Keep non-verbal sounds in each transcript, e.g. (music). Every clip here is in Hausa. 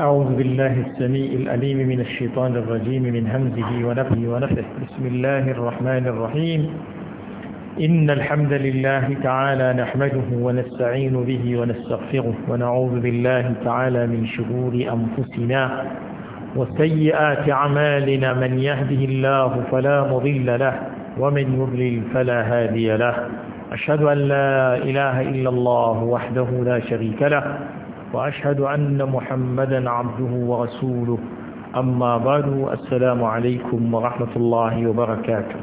أعوذ بالله السميع الأليم من الشيطان الرجيم من همزه ونفه ونفه بسم الله الرحمن الرحيم إن الحمد لله تعالى نحمده ونستعين به ونستغفره ونعوذ بالله تعالى من شرور أنفسنا وسيئات أعمالنا من يهده الله فلا مضل له ومن يضلل فلا هادي له أشهد أن لا إله إلا الله وحده لا شريك له وأشهد أن محمدا عبده ورسوله أما بعد السلام عليكم wa الله وبركاته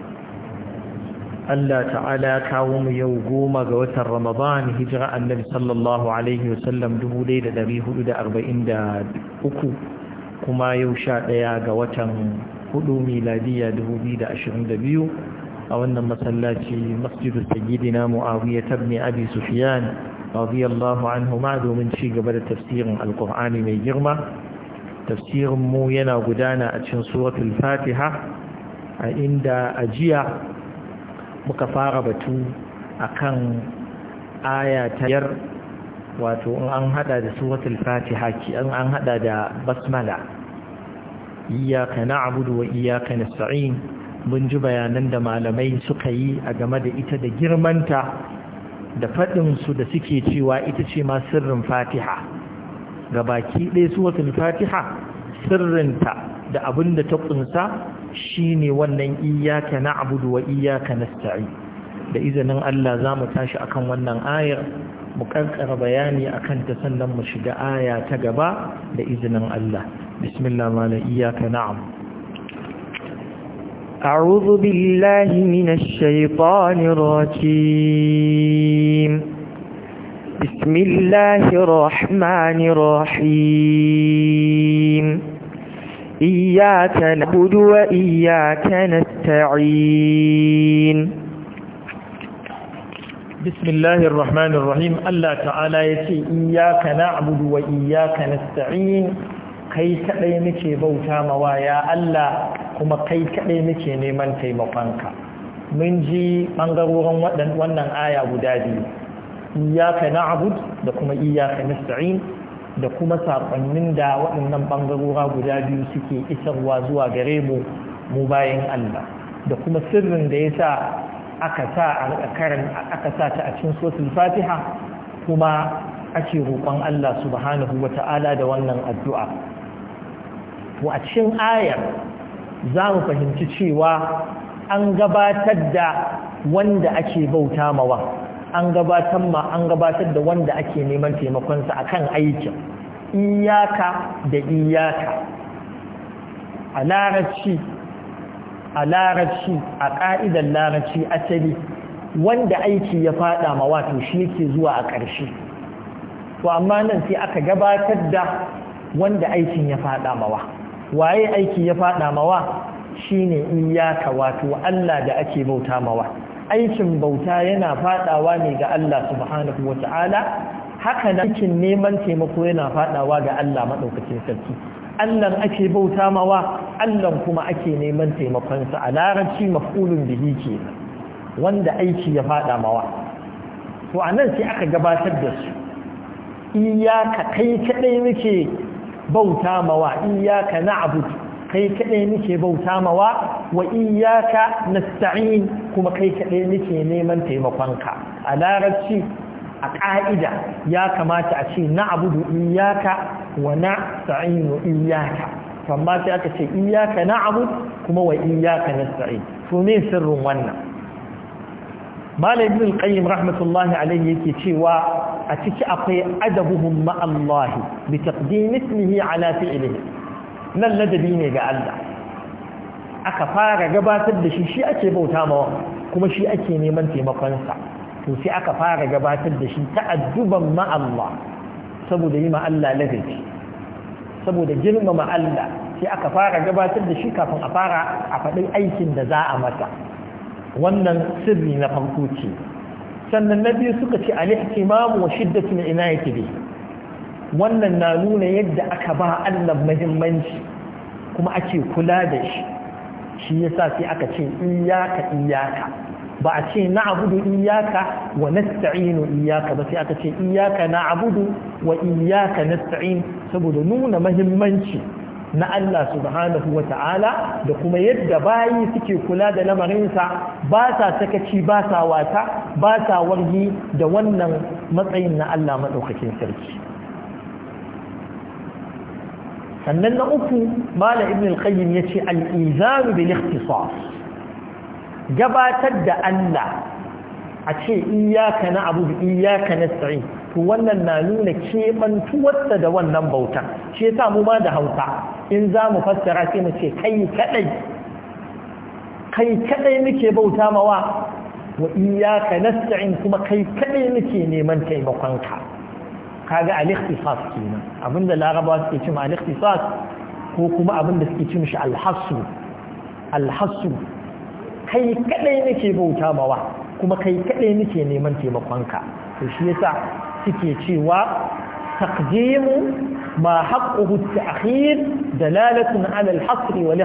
Allah ta'ala kawo mu yau goma ga watan Ramadan hijira annabi sallallahu alaihi wasallam 1443 kuma yau sha ɗaya ga watan hudu miladiya 2022 a wannan masallaci masjidu sayyidina mu'awiyyah tabni abi sufyan رضي الله عنهما من شيء قبل تفسير القرآن من جرمة تفسير مو ينا قدانا أتشن سورة الفاتحة عند أجيع مكفارة أكان آية تير wato in an hada da suratul fatiha ki an haɗa da basmala iyyaka na'budu wa iyyaka nasta'in mun ji bayanan da malamai suka yi a game da ita da girmanta da faɗinsu da suke cewa ita ce ma sirrin fatiha ga baki ɗaya suwatul fatiha sirrinta da abin da ta ƙunsa shine wannan iyaka na abudu wa iyaka na Sa'i. da izinin Allah za mu tashi akan wannan ayar mu ƙarƙara bayani akan ta sannan mu shiga aya ta gaba da izinin Allah bismillah mala iyaka na'am أعوذ بالله من الشيطان الرجيم بسم الله الرحمن الرحيم إياك نعبد وإياك نستعين بسم الله الرحمن الرحيم الله تعالى يتي إياك نعبد وإياك نستعين kai kaɗai muke bauta mawa ya Allah kuma kai kaɗai muke neman taimakonka mun ji ɓangarorin wannan aya guda biyu iyaka abud da kuma iyaka nasta'in da kuma saƙonnin da waɗannan ɓangarora guda biyu suke isarwa zuwa gare mu mu bayan Allah da kuma sirrin da ya sa aka sa aka sa ta a cikin sosin fatiha kuma ake roƙon Allah subhanahu wa ta'ala da wannan addu'a wa a cikin ayar za mu fahimci cewa an gabatar da wanda ake bauta mawa an gabatar ma an gabatar da wanda ake neman taimakonsa akan aikin iyaka da iyaka a larabci a larabci a ƙa'idar larabci asali wanda aiki ya fada ma wato shi yake zuwa a ƙarshe to amma nan sai aka gabatar da wanda aikin ya fada mawa waye aiki ya fada mawa shine iyaka wato Allah da ake bauta mawa aikin bauta yana fadawa ne ga Allah subhanahu wata'ala haka nan aikin neman taimako yana fadawa ga Allah madaukakin sarki Allah ake bauta mawa Allah kuma ake neman taimakon sa a larabci maf'ulun bihi ke wanda aiki ya fada mawa to anan sai aka gabatar da su iyaka kai kadai muke bauta mawa iyaka na'budu kai kadai nake bauta mawa wa iyaka nasta'in kuma kai kadai nake neman taimakonka a larabci a ka'ida ya kamata a ce na'budu iyaka wa nasta'inu iyaka amma sai aka ce iyaka na'budu kuma wa iyaka nasta'in to ne sirrin wannan malam ibn qayyim rahmatullahi alayhi yake cewa a ciki akwai adabuhum ma'allahi bi taqdim ismihi ala fi'lihi nan ladabi ne ga Allah aka fara gabatar da shi shi ake bauta ma kuma shi ake neman taimakonsa to sai aka fara gabatar da shi ta'adduban ma'allah saboda yi Allah ladabi saboda girmama Allah sai aka fara gabatar da shi kafin a fara a aikin da za a mata wannan sirri na farko ce sannan na biyu suka ce al-ihtimamu wa shiddatul inayati bi wannan na nuna yadda aka ba Allah muhimmanci kuma ake kula da shi shi yasa sai aka ce iyaka iyaka ba a ce na'budu iyaka wa nasta'inu iyaka ba sai aka ce iyaka na'budu wa iyaka nasta'in saboda nuna muhimmanci na Allah subhanahu wa ta'ala da kuma yadda bayi suke kula da lamarinsa ba sa sakaci ba sa wata ba sa wargi da wannan matsayin na Allah maɗaukakin sarki sannan na uku mala ibn al-qayyim yace al-izanu bil gabatar da Allah a ce iyaka na abu iyaka na sa'i to wannan na nuna keɓantuwarsa da wannan bauta shi sa mu ma da hausa in za mu fassara sai mu ce kai kadai kai kadai muke bauta mawa wa iyaka na nasta'in kuma kai kadai muke neman taimakonka kaga al-ikhtisas kenan abinda larabawa suke cewa al-ikhtisas ko kuma abinda suke cewa shi al-hasu kai kadai nake bauta mawa kuma kai kaɗai nake neman taimakonka to shi yasa suke cewa taqdimu ma haqquhu at-ta'khir dalalatun 'ala al-hasr wal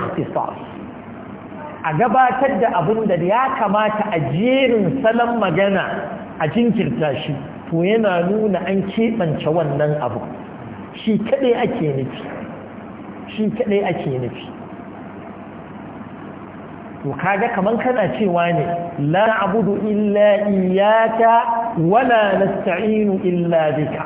a gabatar da abun da ya kamata a jerin salon magana a jinkirta shi to yana nuna an keɓance wannan abu shi kaɗai ake nufi shi kaɗai ake nufi to kaga kaman kana cewa ne la na'budu illa iyyaka wa la nasta'inu illa bika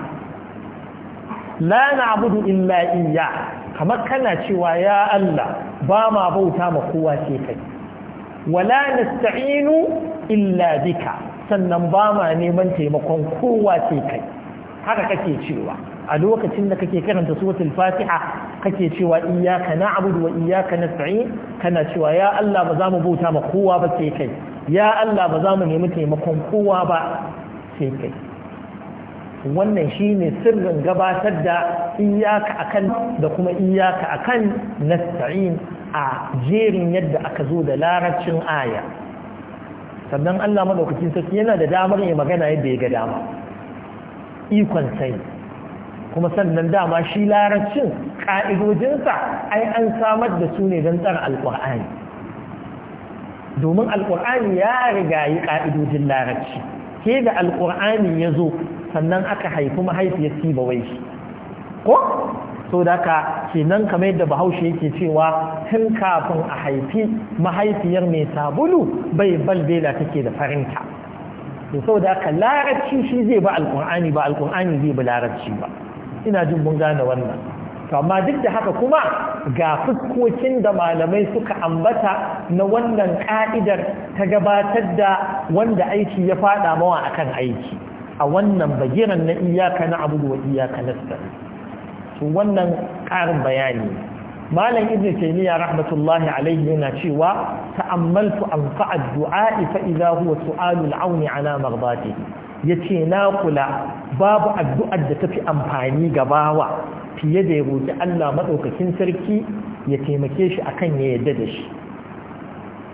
la na'budu illa kamar kana cewa ya Allah ba ma bauta ma kowa sai kai wa la nasta'inu illa bika sannan ba ma neman taimakon kowa sai kai haka kake cewa a lokacin da kake karanta suratul fatiha kake cewa iyyaka na'budu wa iyyaka nasta'in kana cewa ya Allah ba za mu bauta ma kowa ba sai kai ya Allah ba za mu nemi taimakon kowa ba sai kai wannan shine sirrin gabatar da iyyaka akan da kuma iyyaka akan nasta'in a jerin yadda aka zo da larabcin aya sannan Allah madaukakin sarki yana da damar ya magana yadda ya ga dama ikon sai kuma sannan dama shi larabcin ƙa'idojinsa ai an samar da su ne don tsara alƙur'ani domin alƙur'ani ya riga yi ƙa'idojin larabci ke da alƙur'ani ya zo sannan aka haifi mahaifiyar sibawai shi ko so da ka nan kamar yadda bahaushe yake cewa tun kafin a haifi mahaifiyar mai sabulu bai balbela take da farinta to so da ka larabci shi zai ba alkur'ani ba alkur'ani zai ba larabci ba ina jin mun gane wannan to amma duk da haka kuma ga fuskokin da malamai suka ambata na wannan ka'idar ta gabatar da wanda aiki ya fada mawa akan aiki a wannan bagiran na iyaka na abu wa iyaka nasta'in wannan karin bayani malam ibn taymiya rahmatullahi alayhi yana cewa ta'ammaltu anfa'a du'a fa idza huwa su'alul auni ala maghdatihi ya ce na kula babu addu'ar da ta fi amfani ga bawa fiye da ya roƙi Allah maɗaukakin sarki ya taimake shi akan ya yadda da shi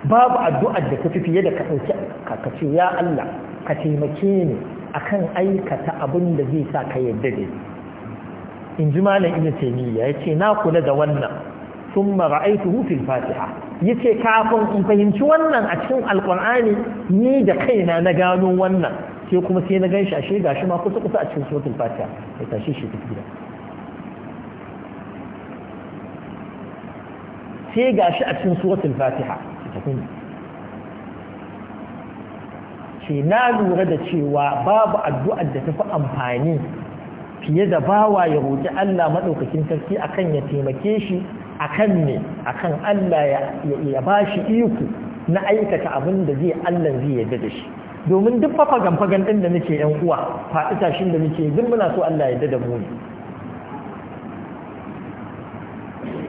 babu addu'ar da ta fi fiye da ka ce ya Allah ka taimake ni akan aikata abin da zai sa ka yadda da in ji malam taimiyya. Ya ce na kula da wannan sun mara aiki hufin fatiha Ya ce kafin in fahimci wannan a cikin alqur'ani ni da kaina na gano wannan sai kuma sai na gan shi ashe gashi ma kusa kusa a cikin suratul fatiha ya tashi shi duk gida sai gashi a cikin suratul fatiha tafi ce na lura da cewa babu addu'ar da tafi amfani fiye da bawa ya roƙi Allah maɗaukakin sarki akan ya taimake shi akan ne akan Allah ya bashi iko na aikata abin da zai Allah zai yarda da shi domin duk fafagan fagan ɗin da nake ‘yan uwa faɗi tashin da muke duk muna so Allah ya da mu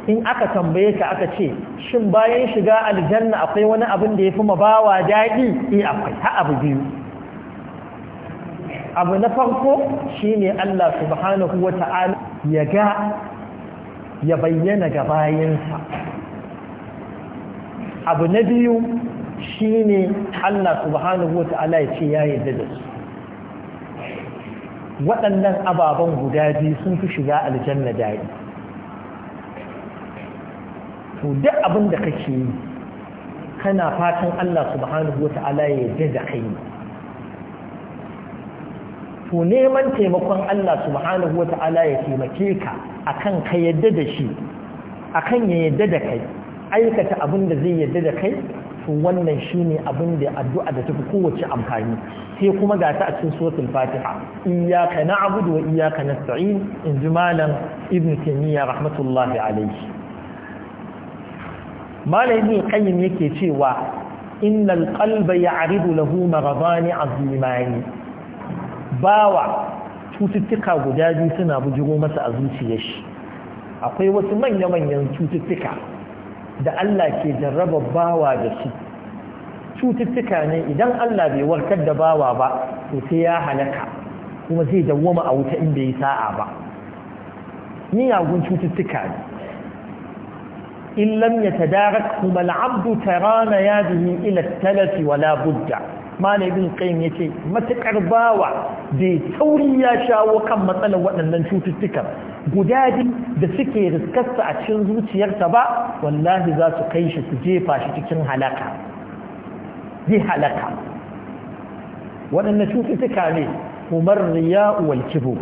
in aka tambaye ka aka ce shin bayan shiga aljanna akwai wani abin da ya fi mabawa daɗi eh akwai ha abu biyu abu na farko shine Allah subhanahu wa ta'ala ya ga ya bayyana ga bayansa abu na biyu Shi ne Allah subhanahu wa ta'ala ya ce ya yarda da su waɗannan ababen guda biyu sun fi shiga aljanna daɗi to duk abin da kake yi kana fatan Allah subhanahu wa ta'ala ya yarda da kai ne. to neman taimakon Allah subhanahu wa ta'ala ya taimake ka akan ka yadda da shi akan ya yadda da kai aikata abin da zai yadda da kai to wannan shine abin da addu'a da tafi kowace amfani sai kuma ga ta a cikin sotin fatiha iyyaka na'budu wa na nasta'in in ji malam ibn taymiyyah rahmatullahi alaihi malam ibn qayyim yake cewa innal ya aribu lahu maghadani azimani bawa cututtuka guda biyu suna bujiro masa a zuciyar shi akwai wasu manya-manyan cututtuka da Allah ke jarraba bawa da shi cututtuka ne idan Allah bai warkar da bawa ba to sai ya halaka kuma zai dawwama a wuta in bai sa'a ba miyagun cututtuka ne in lam yatadarak kuma al'abdu tarana yadihi ila talati wala budda malamin kayan ya ce matukar bawa bai sauri ya shawo kan matsalar waɗannan cututtukan guda da suke riskarsa a cikin zuciyarsa ba wallahi za su kai shi su jefa shi cikin halaka zai halaka waɗannan cututtuka ne umar riya wal kibo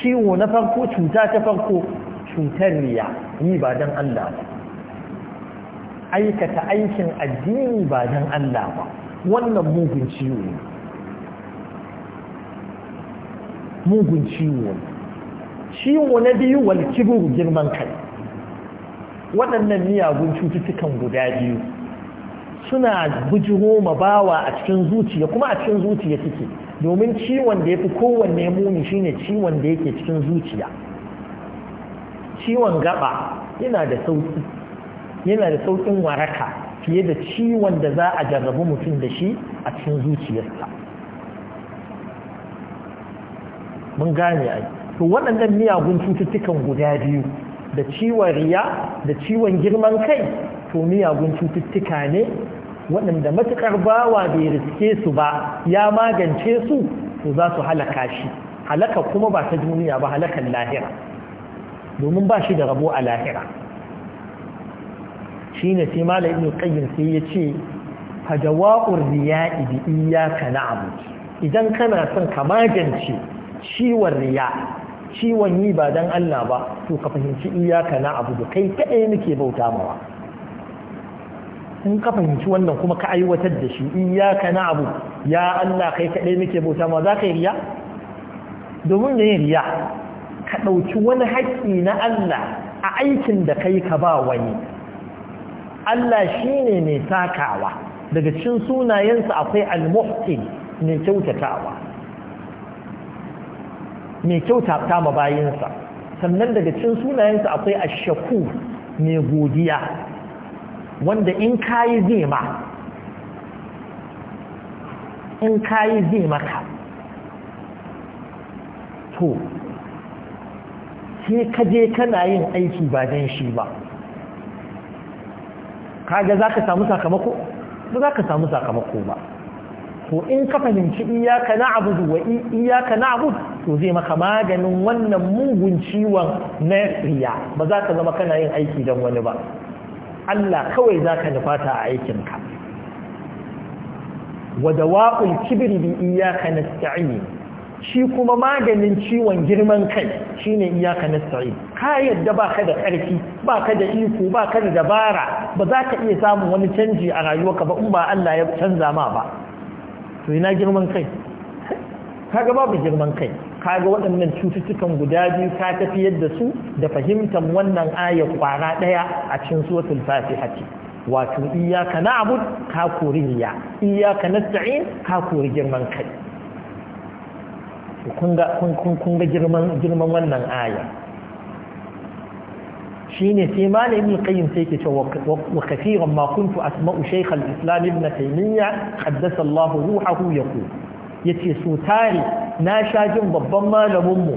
ciwo na farko cuta ta farko cutar riya yi ba don allah ba aikata aikin addini ba don Allah ba wannan mugun ciwo ne mugun ciwo ne ciwo na biyu wal girman kai waɗannan miyagun cututtukan guda biyu suna bujiro ma bawa a cikin zuciya kuma a cikin zuciya suke domin ciwon da ya fi kowanne muni shine ciwon da yake cikin zuciya ciwon gaba yana da sauki yana da sauƙin waraka fiye da ciwon da za a jarrabu mutum da shi a cikin zuciyarsa mun gane ai to waɗannan miyagun cututtukan guda biyu da ciwon riya da ciwon girman kai to miyagun cututtuka ne waɗanda matuƙar bawa bai riske su ba ya magance su to za su halaka shi halaka kuma ba ta duniya ba halakan lahira domin ba shi da rabo a lahira shine sai malam ibn qayyim sai ya ce fadawa'ur riya'i bi iyyaka na'bud idan kana son ka magance ciwon riya ciwon yi ba dan Allah ba to ka fahimci iyyaka na'bud kai kadai muke bauta mawa in ka fahimci wannan kuma ka aiwatar da shi iyyaka na'bud ya Allah kai kadai muke bauta mawa zaka yi riya domin da yin riya ka dauki wani haƙƙi na Allah a aikin da kai ka ba wani Allah shi ne mai sakawa daga cin sunayensa akwai al mai kyautatawa mai kyautata ma bayinsa sannan daga cin sunayensa akwai ashaku mai godiya wanda in kayi zai in kayi zema maka to sai kaje kana yin aiki ba don shi ba kaga za ka samu sakamako ba za ka samu sakamako ba to in ka fahimci iyaka na abudu wa iyaka na abudu to zai maka maganin wannan mugun ciwon na riya ba za ka zama kana yin aiki don wani ba Allah kawai za ka nufata a aikinka wa dawa'ul kibri bi iyaka nasta'in shi kuma maganin ciwon girman kai shine iyaka nasta'in ka yadda ka da ƙarfi, ba ka da iko ba ka da dabara ba za ka iya samun wani canji a rayuwarka ba in ba Allah ya canza ma ba to ina girman kai (laughs) kaga babu girman kai kaga waɗannan cututtukan guda biyu ka tafiyar da su da fahimtar wannan ayar kwara ɗaya a cikin suratul fatiha wato na na'bud ka kori riya na nasta'in ka kori girman kai kun ga girman wannan aya shi ne sai malamin kayin sai ke cewa wa kafiran kuntu asma'u shaykh na taimiyya. ibn taymiya haddasa Allah ruhahu yaku yace so tare na sha jin babban malamin mu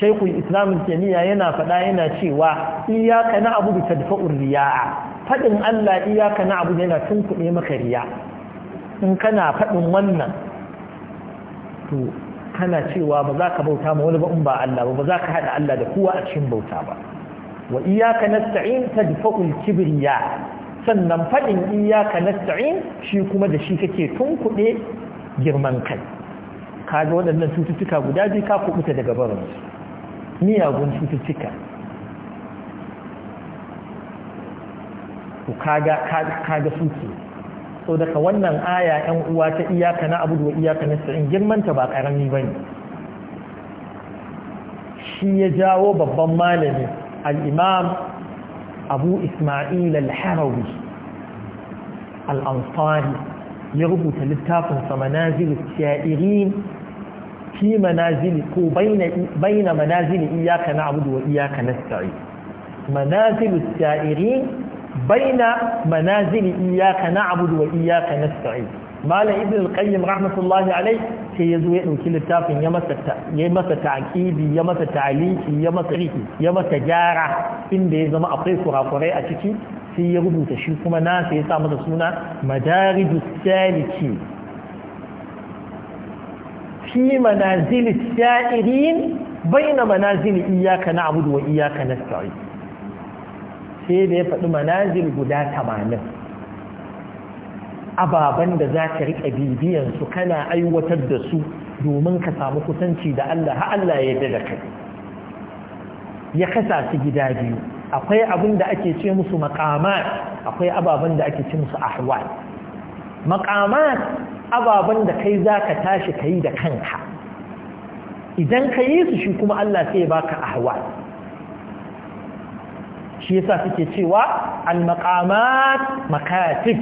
shaykh taimiyya yana fada yana cewa iyyaka ta tadfa'u riya'a fadin Allah na abu yana tun maka riya in kana fadin wannan kana cewa ba za ka bauta ma wani ba ba Allah ba ba za ka haɗa Allah da kowa a cikin bauta ba wa iyaka nasta'in tadfa'ul kibriya sannan faɗin iyaka nasta'in shi kuma da shi kake tunkuɗe girman kai kaga waɗannan cututtuka guda biyu ka kubuta daga barin su miyagun cututtuka ku kaga kaga su ke sau daga wannan aya yan uwa ta iyaka na abu da iyaka na sa'in girmanta ba karami ba ne shi ya jawo babban malami al'imam abu ismail al-harawi al'amfani ya rubuta littafinsa manazil sha'irin fi manazili ko baina manazili iyaka na abu da iyaka na sa'in manazil sha'irin baina manazili iyaka na'budu wa iyaka nasta'in malam ibn al rahmatullahi alayh sai yazo ya dauki littafin ya masa ya ya masa ta'liki ya masa gyara inda ya zama akwai kurakurai a ciki sai ya rubuta shi kuma na sai ya sa masa suna madarijus saliki fi manazil wa sai da ya faɗi manazil guda tamanin ababen da za ka riƙa bibiyansu kana aiwatar da su domin ka samu kusanci da Allah ha Allah ya da kai ya kasa su gida biyu akwai abin da ake ce musu makamat akwai ababen da ake ce musu ahwal makamat ababen da kai za ka tashi ka da kanka idan ka yi su shi kuma Allah sai ya baka ahwal shi yasa suke cewa al-maqamat makatib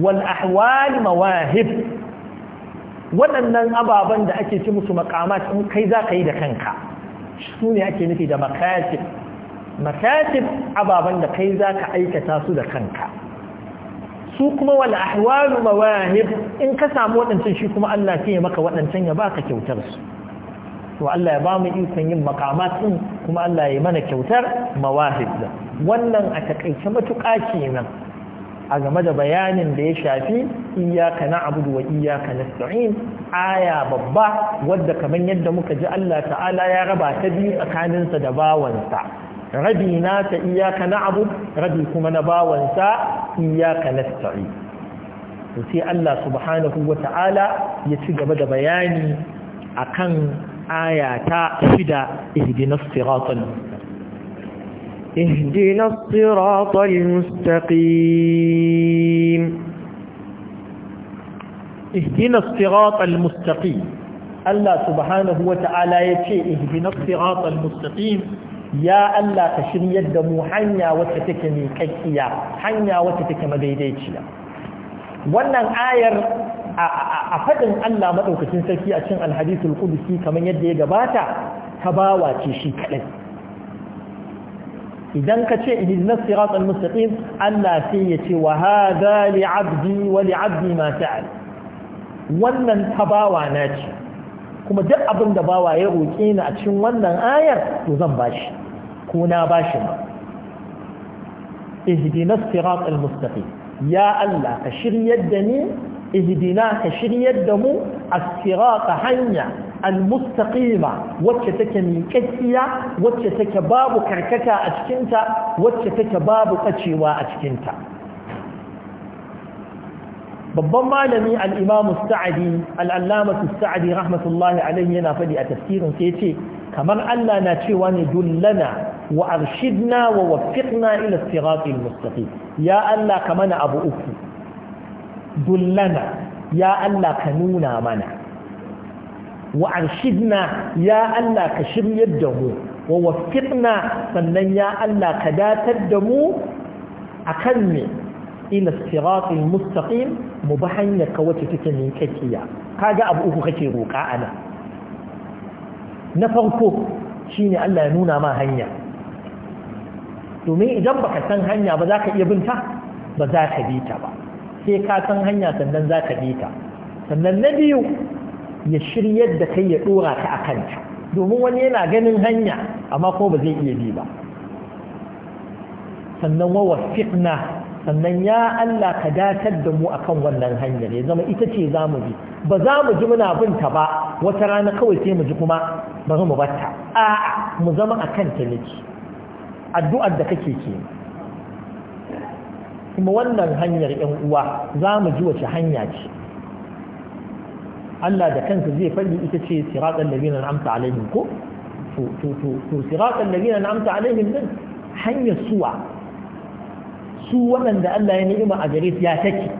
wal ahwal mawahib waɗannan ababen da ake ci musu maqamat in kai za yi da kanka su ne ake nufi da makatib makatib ababen da kai za ka aikata su da kanka su kuma wal ahwal mawahib in ka samu waɗancan shi kuma Allah sai ya maka waɗancan ya baka kyautar su to Allah ya ba mu ikon yin maqamat din kuma Allah ya mana kyautar mawahib wannan a takaice matuƙa kenan a game da bayanin da ya shafi iyaka na abudu wa iyaka na aya babba wadda kamar yadda muka ji Allah ta'ala ya raba ta biyu tsakaninsa da bawansa rabi na ta iyaka na abu rabi kuma na bawansa iyaka na to sai Allah subhanahu wa ta'ala ya ci gaba da bayani akan aya ta shida ihdinas siratal ihdinas siratal mustaqim ihdinas siratal mustaqim Allah subhanahu wata'ala yace ihdinas siratal mustaqim ya Allah ka shiryar da mu hanya wacce take mai kakkiya hanya wacce take madaidaiciya wannan ayar a faɗin Allah maɗaukacin sarki a cin alhadisul kudusi kamar yadda ya gabata ta bawa ce shi kaɗai idan ka ce ihdinas siratal mustaqim Allah sai ya ce wa hadha li 'abdi wa li 'abdi ma wannan ta bawa na ce kuma duk abin da bawa ya roke ni a cikin wannan ayar to zan bashi ko na bashi ma ihdinas siratal mustaqim ya Allah ka shiryar da ni ihdina ka shiryar da mu a siraka hanya al wacce take miƙaƙiya wacce take babu karkata a cikinta wacce take babu ɓacewa a cikinta babban malami al-imam as-sa'di al-allama rahmatullahi alayhi yana faɗi a tafsirin sai yace kamar Allah na cewa ne dullana wa arshidna wa waffiqna ila as mustaqim ya Allah kamana abu uku dullana ya Allah ka nuna mana wa arshidna ya Allah ka shiryar da mu wa wafiqna sannan ya Allah ka datar da mu akan ne ila siratul mustaqim mu ba hanyar ka wacce take min kakiya kaga abu uku kake roka ana na farko shine Allah ya nuna ma hanya domin idan baka san hanya ba za ka iya binta ba za ka bi ta ba sai ka san hanya sannan za ka bi ta sannan na biyu ya shiryar da kai ya ɗora ta a kanta domin wani yana ganin hanya amma ko ba zai iya bi ba sannan wa wafiqna sannan ya Allah ka datar da mu akan wannan hanyar ya zama ita ce za mu bi ba za mu ji muna bin ta ba wata rana kawai sai mu ji kuma bari mu batta a mu zama akan ta nake addu'ar da kake kenan kuma wannan hanyar ‘yan uwa za mu ji wace hanya ce Allah da kansa zai faɗi ita ce siraɗar labina na amsa alaihim ko? to siraɗar labina na amsa alaihim din hanyar suwa su waɗanda Allah ya ni'ima a gare su ya take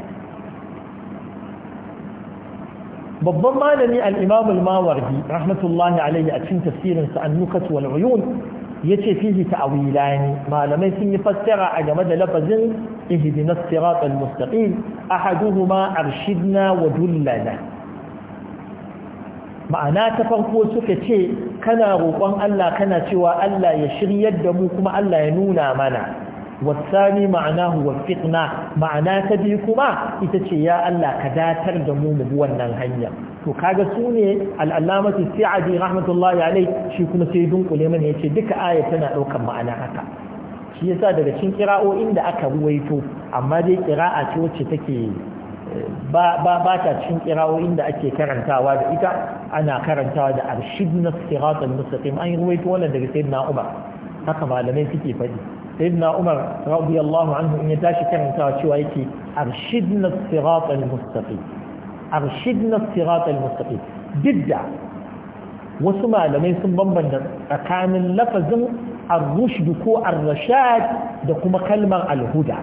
babban malami al-imam al-mawardi rahmatullahi alaihi a cikin tafsirinsa an-nukat wal uyun yace fihi ta'wilani malamai sun yi fassara a game da lafazin ihdinas siratal mustaqim ahaduhuma arshidna wa dullana ma'ana ta farko suka ce kana roƙon Allah kana cewa Allah ya shiryar da mu kuma Allah ya nuna mana والثاني معناه وفقنا معنى تبيكما إتشي يا الله كداتر دموم wannan هيا to kaga su ne al'allamatu sa'adi rahmatullahi alai shi kuma sai dunkule mana yace duka aya tana daukan ma'ana haka shi yasa daga cikin kira'o'in da aka ruwaito amma dai kira'a ce wacce take ba ba ta cikin kira'o'in da ake karantawa da ita ana karantawa da arshidna siratal mustaqim an ruwaito wannan daga sayyidina Umar haka malamai suke faɗi سيدنا عمر رضي الله عنه إن داشي كان تاشوايتي أرشدنا الصراط المستقيم أرشدنا الصراط المستقيم جدا وسمع لما يسمى بمبنى أكان اللفظ الرشد كو الرشاد دكما كلمة الهدى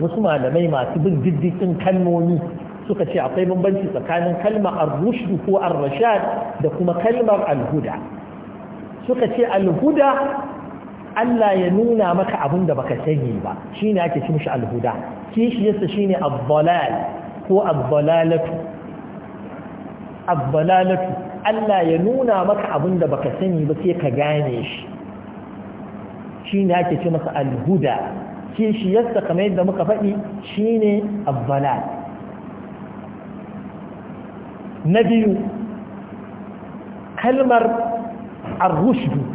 وسمع لما يما تبن جدي تنكنوني suka ce akwai bambanci tsakanin kalmar al-rushd ko al-rashad da kuma kalmar Allah ya nuna maka abin da baka sani ba shine ake ci mishi alhuda kishiyarsa shine abbalal ko abbalalatu abbalalatu Allah ya nuna maka abin da baka sani ba sai ka gane shi shine ake ci masa alhuda kishiyarsa kamar yadda muka faɗi shine abbalal na biyu kalmar arrushdu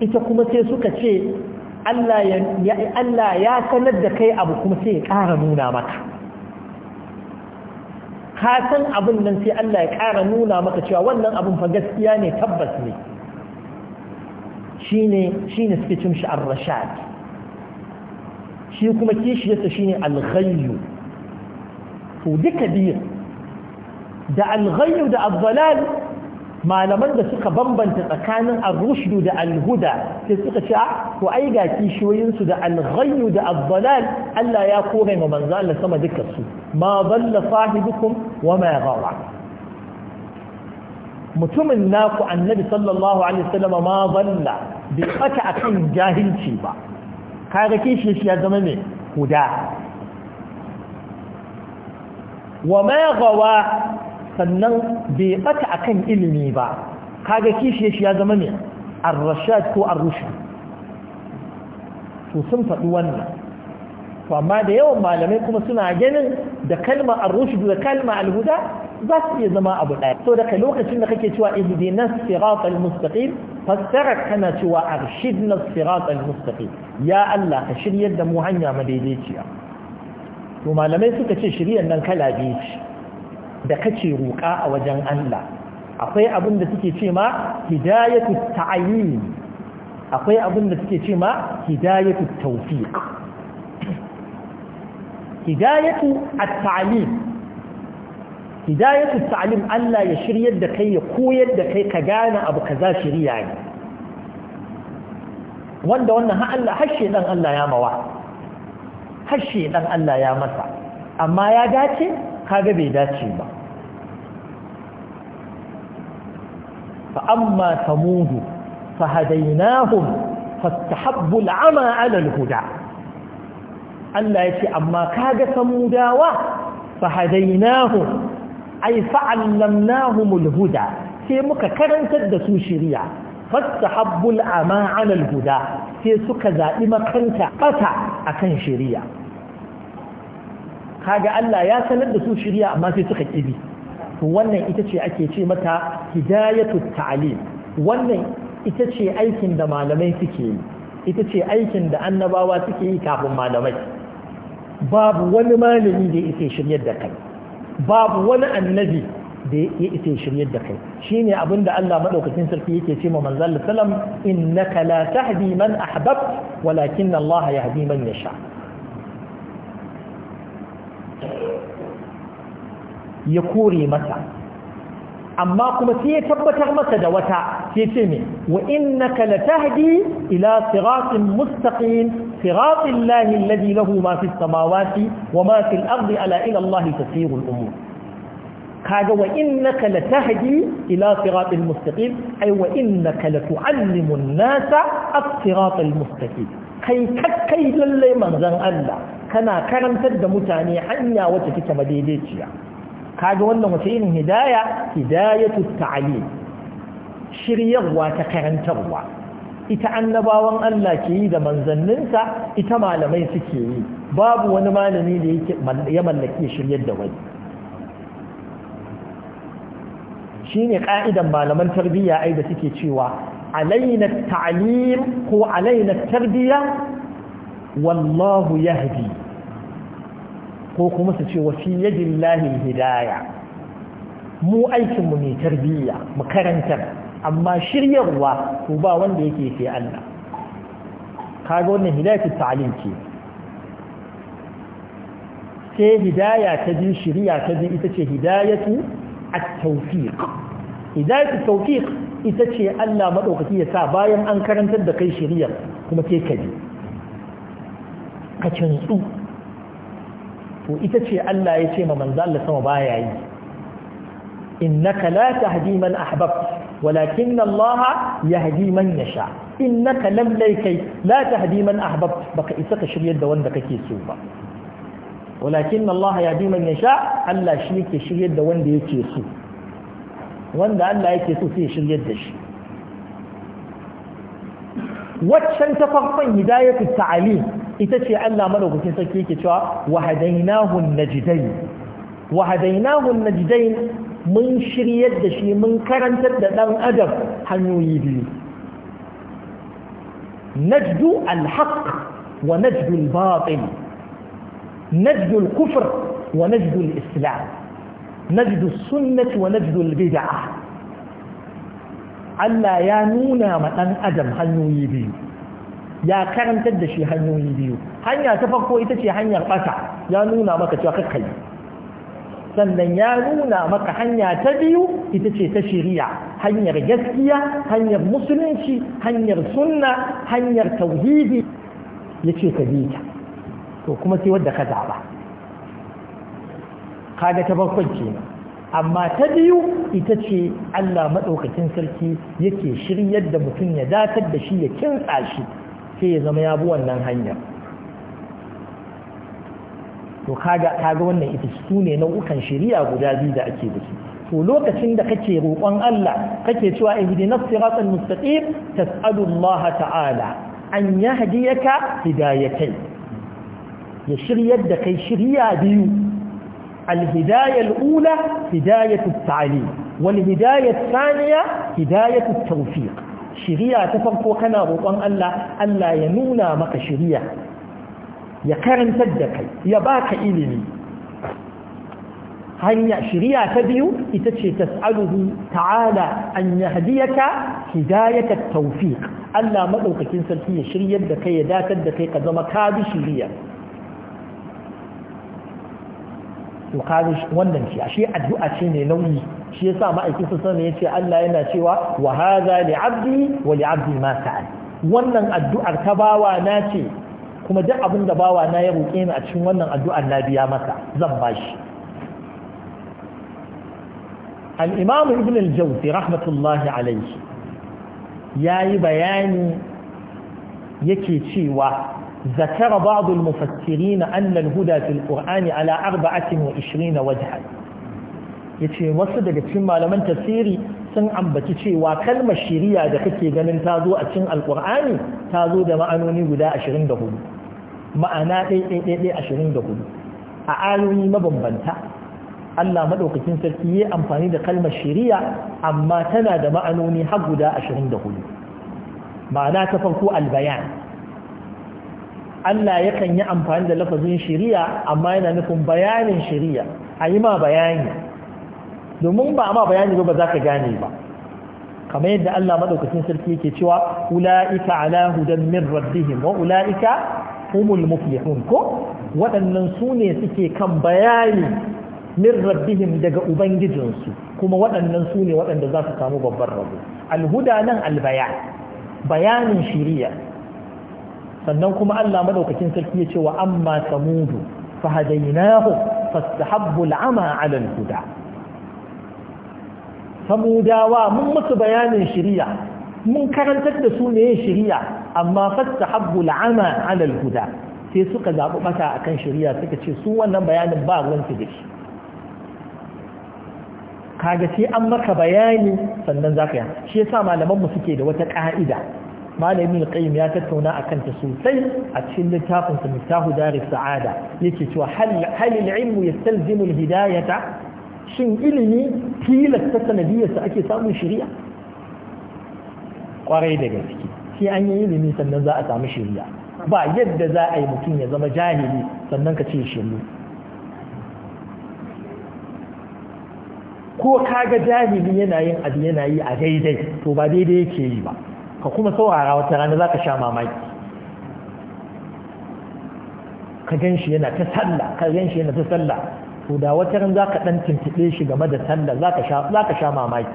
ita kuma sai suka ce Allah ya sanar da kai abu kuma sai ya ƙara nuna maka ka san abin nan sai Allah ya ƙara nuna maka cewa wannan abin fa gaskiya ne tabbas ne Shi ne suke cin shi ar-rashad shi kuma kishiyarsa shine al-ghayyu to duka biyu da al da Abdullal. malaman da suka bambanta tsakanin al rushdu da al-huda sai suka ce to ai ga kishiyoyinsu da al-ghayyu da ad-dalal Allah ya kore ma manzo Allah sama dukkan su ma dalla sahibukum wa ma ghawa mutumin naku annabi sallallahu alaihi wasallam ma dalla bi tsaka akan jahilci ba kaga kishi ya zama ne huda wa ma ghawa sannan bai bata akan ilimi ba kaga kishi shi ya zama ne ar-rashad ko ar-rushd to sun faɗi wannan to amma da yawan malamai kuma suna ganin da kalma ar-rushd da kalma al-huda za su iya zama abu ɗaya so daga lokacin da kake cewa sirat al mustaqim fassara kana cewa arshidnas al mustaqim ya Allah ka shiryar da mu hanya madaidaiciya to malamai suka ce shiryar nan kala biyu ce da kace roƙa a wajen Allah akwai abin da suke ce ma hidayatu ta'ayyin akwai abin da suke ce ma hidayatu tawfiq hidayatu at-ta'lim hidayatu ta'lim Allah ya shiryar da kai ya koyar da kai ka gane abu kaza shiriya ne wanda wannan har Allah har shedan Allah ya mawa har shedan Allah ya masa amma ya dace kaga bai dace ba fa amma samudu fa hadainahum fastahabbu al'ama 'ala al-huda Allah yace amma kaga samudawa fa hadainahum ay fa'allamnahum al-huda sai muka karantar da su shari'a fastahabbu al'ama 'ala al-huda sai suka zabi makanta kasa akan shari'a kaga Allah ya sanar da su shirya amma sai suka kibi to wannan ita ce ake ce mata hidayatu ta'lim wannan ita ce aikin da malamai suke yi ita ce aikin da annabawa suke yi kafin malamai babu wani malami da yake shiryar da kai babu wani annabi da ya shiryar da kai shine abin da Allah madaukakin sarki yake ce ma manzon sallam innaka la tahdi man ahbabt walakin Allah yahdi man yasha' ya kore masa amma kuma sai ya tabbatar masa da wata sai ce me wa innaka latahdi ila siratin mustaqim siratil lahi alladhi lahu ma fis samawati wa ma fil ardi ala ila allahi tasirul umur kaga wa innaka latahdi ila siratil mustaqim ay wa innaka latuallimu an-nasa as-siratal mustaqim kai kakkai lalle manzon Allah kana karantar da mutane hanya wacce take madaidaiciya kaga wannan wace irin hidaya hidayatu ta'lim shiryarwa ta karantarwa ita annabawan Allah ke yi da manzanninsa ita malamai suke yi babu wani malami da yake ya mallaki shiryar da wani shine ka'idan malaman tarbiyya ai da suke cewa alaina ta'lim ko alaina tarbiyya wallahu yahdi ko kuma su ce wasu yajin lahin hidaya mu aikinmu ne tarbiyya mu karantar amma shiryarwa ko ba wanda yake sai Allah kaga wannan hidayatu ta'alin ce sai hidaya ta ji shiriya ta ji ita ce hidayatu at-tawfiq hidayatu tawfiq ita ce Allah madaukaki ya sa bayan an karantar da kai shiryar. kuma ke ka ka canzu. to ita ce Allah ya ce ma manzo Allah sama baya yi innaka la tahdi man ahbabta walakin Allah yahdi man yasha innaka lam laikai la tahdi man ahbabta baka isa ka shiryar da wanda kake so ba walakin Allah yahdi man yasha Allah shi ke shiryar da wanda yake so wanda Allah yake so sai shiryar da shi waccan ta farkon hidayatul ta'alim ita ce Allah madaukakin sarki yake cewa wahadainahu najdain wahadainahu najdain mun shiryar da shi mun karantar da dan adam hanyoyi biyu najdu alhaq wa najdu albatil najdu alkufr wa najdu alislam najdu sunnah wa najdu albid'ah Allah ya nuna ma dan adam hanyoyi biyu ya karantar da shi hanyoyi biyu hanya ta farko ita ce hanyar bata ya nuna maka cewa kakkai sannan ya nuna maka hanya ta biyu ita ce ta shiriya hanyar gaskiya hanyar musulunci hanyar sunna hanyar tauhidi ya ce ka ta to kuma sai wadda ka zaɓa kaga ta bakwai kenan amma ta biyu ita ce Allah maɗaukakin sarki yake shiryar da mutum ya datar da shi ya kintsa shi sai ya zama ya bi wannan hanyar to kaga kaga wannan ita su ne nau'ukan shari'a guda biyu da ake da su to lokacin da kake roƙon Allah kake cewa ihdinas siratal mustaqim tas'alu Allah ta'ala an yahdiyaka hidayatai ya shiryar da kai shiriya biyu الهداية الأولى هداية التعليم والهداية الثانية هداية التوفيق shiriya ta farko kana roƙon Allah Allah ya nuna maka shiriya ya karantar da kai ya baka ilimi hanya shiriya ta biyu ita ce tas'aluhu ta'ala an hadiyata hidayata taufiq Allah maɗaukakin sarki ya shiryar da kai ya datar da kai ka zama ka bi shiriya to wannan ce ashe addu'a ce ne nauyi shi yasa ma'aikin sa sanin yace Allah yana cewa wa hadha li 'abdi wa li 'abdi ma sa'al wannan addu'ar ta bawa na ce kuma duk abin da bawa na ya roke ni a cikin wannan addu'ar na biya masa zan bashi al-imam ibn al-jawzi rahmatullahi alayhi yayi bayani yake cewa ذكر بعض المفسرين أن الهدى في القرآن على أربعة وعشرين وجها yace wasu daga cin malaman tafsiri sun ambaci cewa kalmar shiriya da kake ganin ta zo a cikin alkur'ani ta zo da ma'anoni guda 24 ma'ana ɗaiɗaiɗaiɗai 24 a ayoyi mabambanta Allah maɗaukakin sarki ya amfani da kalmar shiriya amma tana da ma'anoni har guda 24 ma'ana ta farko albayan Allah yakan yi amfani da lafazin shari'a amma yana nufin bayanin shari'a a yi ma bayani domin ba ma bayani ba za ka gane ba kamar yadda Allah madaukakin sarki yake cewa ula'ika ala hudan min rabbihim wa ula'ika humul muflihun ko waɗannan su ne suke kan bayani min rabbihim daga ubangijinsu kuma waɗannan su ne waɗanda za su samu babban rabo alhuda nan albaya bayanin shari'a sannan kuma Allah madaukakin sarki ya ce wa amma samudu fa hadainahu fastahabbu al'ama 'ala al-huda samudawa mun musu bayanin shari'a mun karantar da su ne shari'a amma fastahabbu al'ama 'ala al-huda sai suka zabi bata akan shari'a suka ce su wannan bayanin ba ruwan su kaga sai an maka bayani sannan zaka yi shi yasa malaman mu suke da wata ka'ida malamin qayyim ya tattauna akan ta sosai a cikin littafin sa mutahu daris sa'ada yake cewa hal hal ilmu yastalzimu alhidayata shin ilimi ta sanadiyar sa ake samun shari'a kwarai da gaske sai an yi ilimi sannan za a samu shari'a ba yadda za a yi mutum ya zama jahili sannan ka ce shi ko kaga jahili yana yin abu yana yi a daidai to ba daidai yake yi ba ka kuma saurara wata rana za ka sha mamaki ka gan shi yana ta sallah ka gan shi yana ta sallah to da wata rana za ka ɗan tuntuɓe shi game da sallah za ka sha mamaki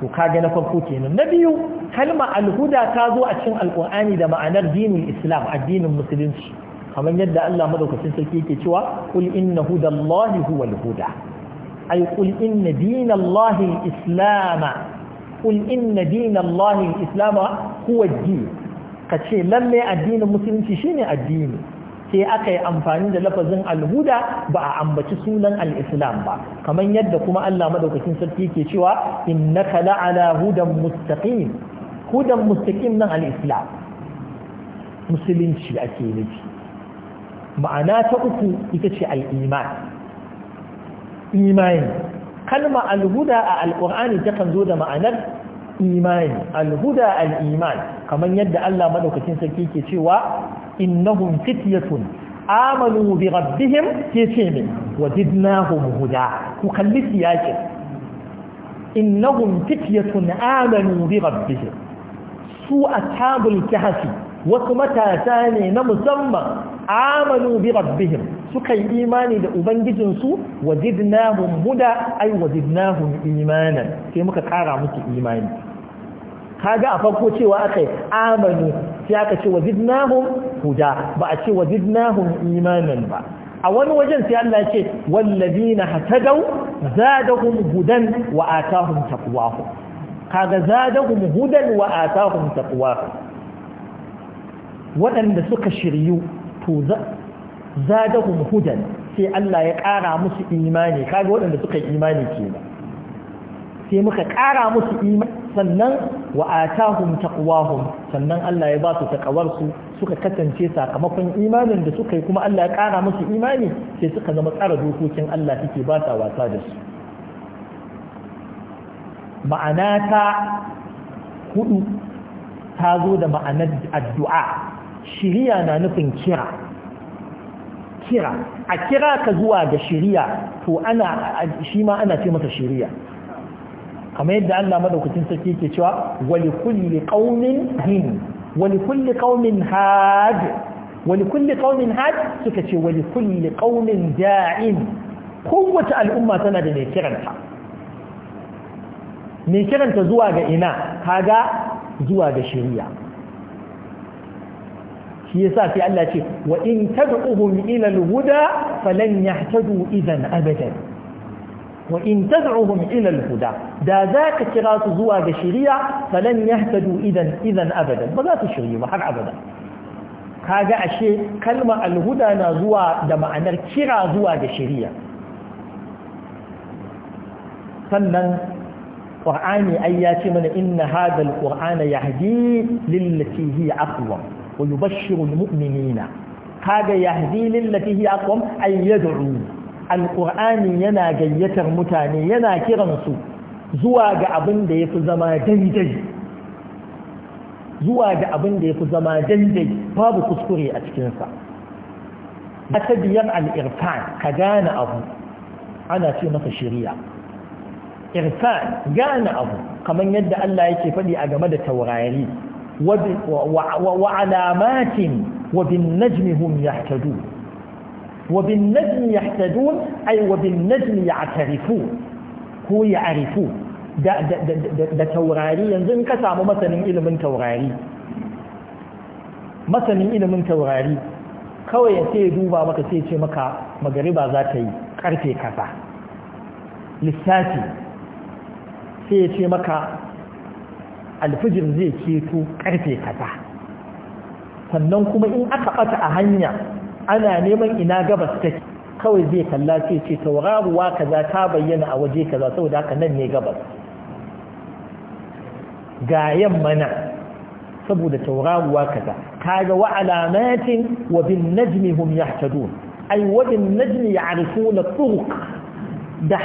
to ka na farko kenan na biyu kalma alhuda ta zo a cikin alkur'ani da ma'anar dinin islam addinin musulunci kamar yadda Allah madaukakin sarki yake cewa kul inna hudallahi huwal huda أي قل إن دين الله الإسلام قل إن دين الله الإسلام هو الدين كتشي لما الدين المسلم شيني الدين sai aka yi amfani da lafazin alhuda ba a ambaci sunan al'islam ba kamar yadda kuma Allah madaukakin sarki ke cewa innaka la'ala hudan mustaqim hudan mustaqim nan al'islam musulunci ake nufi ma'ana ta uku ita ce al'iman imani kalma alhuda a alkur'ani takan zo da ma'anar imani alhuda al'iman kamar yadda Allah madaukakin sarki ke cewa innahum fityatun amanu bi rabbihim ke ce wajidnahum huda ku kalli siyakin innahum fityatun amanu bi rabbihim su ashabul kahfi wasu matasa ne na musamman amanu bi rabbihim suka yi imani da ubangijinsu wajidnahum muda ai wajidnahum imanan sai muka kara musu imani kaga a farko cewa akai amanu sai aka ce wajidnahum huda ba a ce wajidnahum imanan ba a wani wajen sai Allah ya ce wallazina hatadaw zadahum hudan wa atahum taqwahum kaga zadahum hudan wa atahum taqwahum waɗanda suka shiryu to zadahum hudan sai Allah ya ƙara musu imani kaga waɗanda suka yi imani ba sai muka ƙara musu imani sannan wa atahum taqwahum sannan Allah ya ba su su suka kasance sakamakon imanin da suka yi kuma Allah ya ƙara musu imani sai suka zama tsara dokokin Allah suke ba ta wasa da su ma'ana ta hudu ta zo da ma'anar addu'a shiriya na nufin kira kira a kira ka zuwa ga shiriya to ana shi ma ana ce masa shiriya kamar yadda Allah madaukakin sarki yake cewa wali kulli qaumin hin wali kulli qaumin had wali kulli qaumin had suka ce wali kulli qaumin da'in kowace al'umma tana da mai kiranta mai kiranta zuwa ga ina kaga zuwa ga shiriya shi yasa sai Allah ce wa in tad'uhum ila al-huda falan yahtadu idan abadan wa in tad'uhum ila al-huda da zaka kira su zuwa ga shari'a falan yahtadu idan idan abadan ba za su shirye ba har abada kaga ashe kalmar al-huda na zuwa da ma'anar kira zuwa ga shari'a sannan qur'ani ai ya ce mana inna hadha al-qur'ana yahdi lillati hiya aqwam wa yubashshirul mu'minina kaga yahdi lillati hi aqwam ay yad'u yana gayyatar mutane yana kiransu zuwa ga abin da yafi zama daidai zama daidai babu kuskure a cikin sa ta biyar ka gane abu ana ce masa irfan gane abu kamar yadda Allah yake faɗi a game da taurari وعلامات وبالنجم هم يهتدون وبالنجم يهتدون أي وبالنجم يعترفون هو يعرفون ده ده ده ده توراري ينزل كسامو مثلا إلى من توراري مثلا إلى من توراري kawai ya sai ya duba maka sai ce maka magariba za ta yi karfe kasa lissafi sai ya ce maka alfijir zai keto karfe kaza sannan kuma in aka bata a hanya ana neman ina gabas take kawai zai kalla sai ce tauraruwa kaza ta bayyana a waje kaza saboda haka nan ne gabas ga yamma na saboda tauraruwa kaza kaga wa alamatin wa bin najmi hum yahtadun ay wa bin najmi ya'rifuna turuq da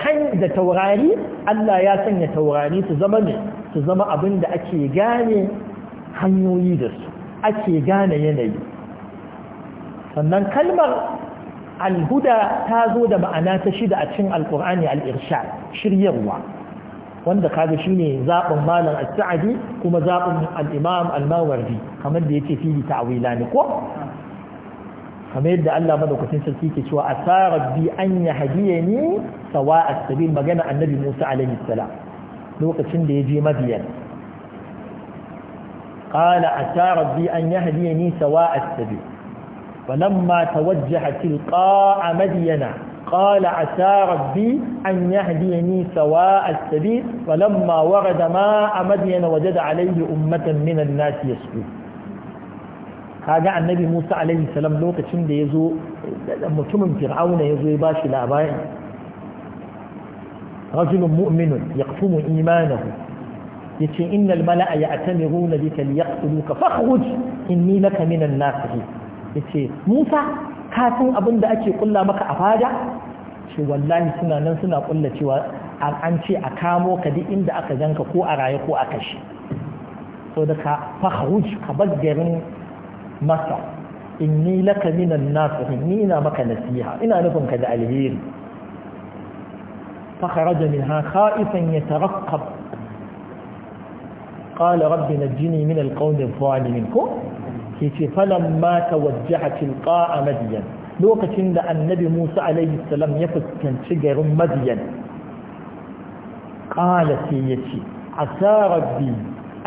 da taurari Allah ya sanya taurari su zama ne su zama abin da ake gane hanyoyi da su ake gane yanayi sannan kalmar alhuda ta zo da ma'ana ta shida a cikin alkur'ani al'irshad shiryarwa wanda kaga ne zaɓin malam as kuma zaɓin alimam imam al-mawardi kamar da yake fili ne ko kamar yadda Allah madaukakin sarki ke cewa tsara bi an ne sawa a sabil magana annabi Musa alaihi salam لوقتين da يجي مدين قال عسى ربي أن يهديني سواء السبيل ولما توجه تلقاء مدين قال عسى ربي أن يهديني سواء السبيل ولما ورد ماء مدين وجد عليه أمة من الناس يسكن هذا النبي موسى عليه السلام لوقت شند يزو متمم فرعون يزو يباشي لأبائه rajulun mu'minun yaqtumu imanahu yace innal mala'a ya'tamiruna bika liyaqtuluka fakhruj inni laka minan nasihin yace Musa ka abin da ake kulla maka a fada ce suna nan suna kulla cewa an ce a kamo ka duk inda aka ganka ko a raye ko a kashe so da ka fakhruj ka bar garin masa inni laka minan nasihin ina maka nasiha ina nufin ka da alheri فخرج منها خائفا يترقب قال رب نجني من القوم الظالمين كيف فلما توجه تلقاء مدين لوقت ده النبي موسى عليه السلام يفسكن شجر مدين قال سيتي عسى ربي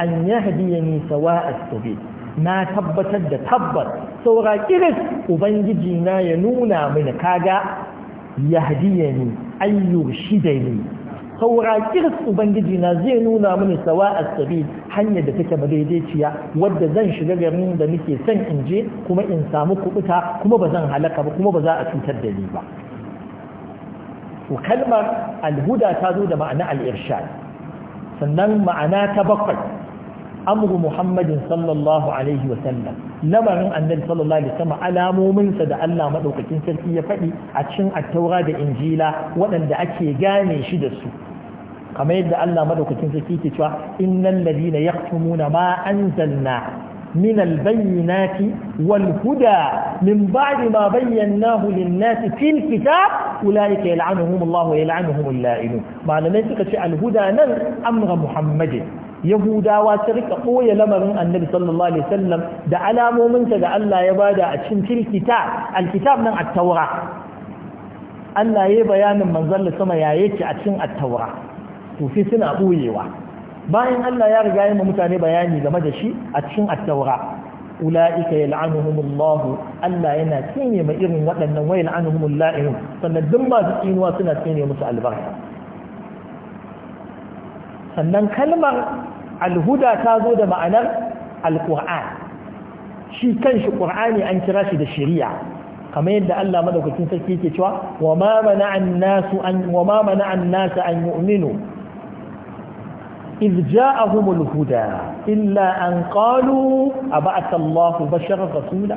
أن يهديني سواء السبيل ما تبت da tabbas saura kiris ubangiji na ya nuna يهديني an yurshidani saura kirs ubangiji na zai nuna mini sawa asabi hanyar da take madaidaiciya wadda zan shiga garin da nake son in je kuma in samu kubuta kuma ba zan halaka ba kuma ba za a cutar da ni ba to kalmar alhuda ta zo da ma'ana al-irshad sannan ma'ana ta bakwai amru muhammadin sallallahu alaihi wa sallam lamarin annabi sallallahu alaihi wa sallam alamominsa da Allah madaukakin sarki ya faɗi a cikin attaura da injila waɗanda ake gane shi da su kamar yadda Allah madaukakin sarki ke cewa innal ladina yaqtumuna ma anzalna من البينات والهدى من بعد ما بيناه للناس في الكتاب أولئك يلعنهم الله ويلعنهم اللائنون معنى ما يسكت الهدى نل أمر محمد yahudawa ta rika ɓoye lamarin annabi sallallahu alaihi wasallam da alamominsa da Allah ya bada a cikin tilkita alkitab nan at-taura Allah ya bayanin manzon sama ya yake a cikin at-taura to sai suna ɓoyewa bayan Allah ya riga ya mutane bayani game da shi a cikin at-taura ula'ika yal'anuhumullahu Allah yana tsine ma irin waɗannan wa yal'anuhumul la'inun sannan duk masu tsinuwa suna tsine musu albarka sannan kalmar alhuda ta zo da ma'anar alƙur'an shi kanshi ƙur'ani an kira shi da shari'a kamar yadda Allah madaukakin sarki yake cewa wa ma mana'an nasu an wa ma mana'an nasu an yu'minu إذ جاءهم الهدى إلا أن قالوا أبعث الله بشرا رسولا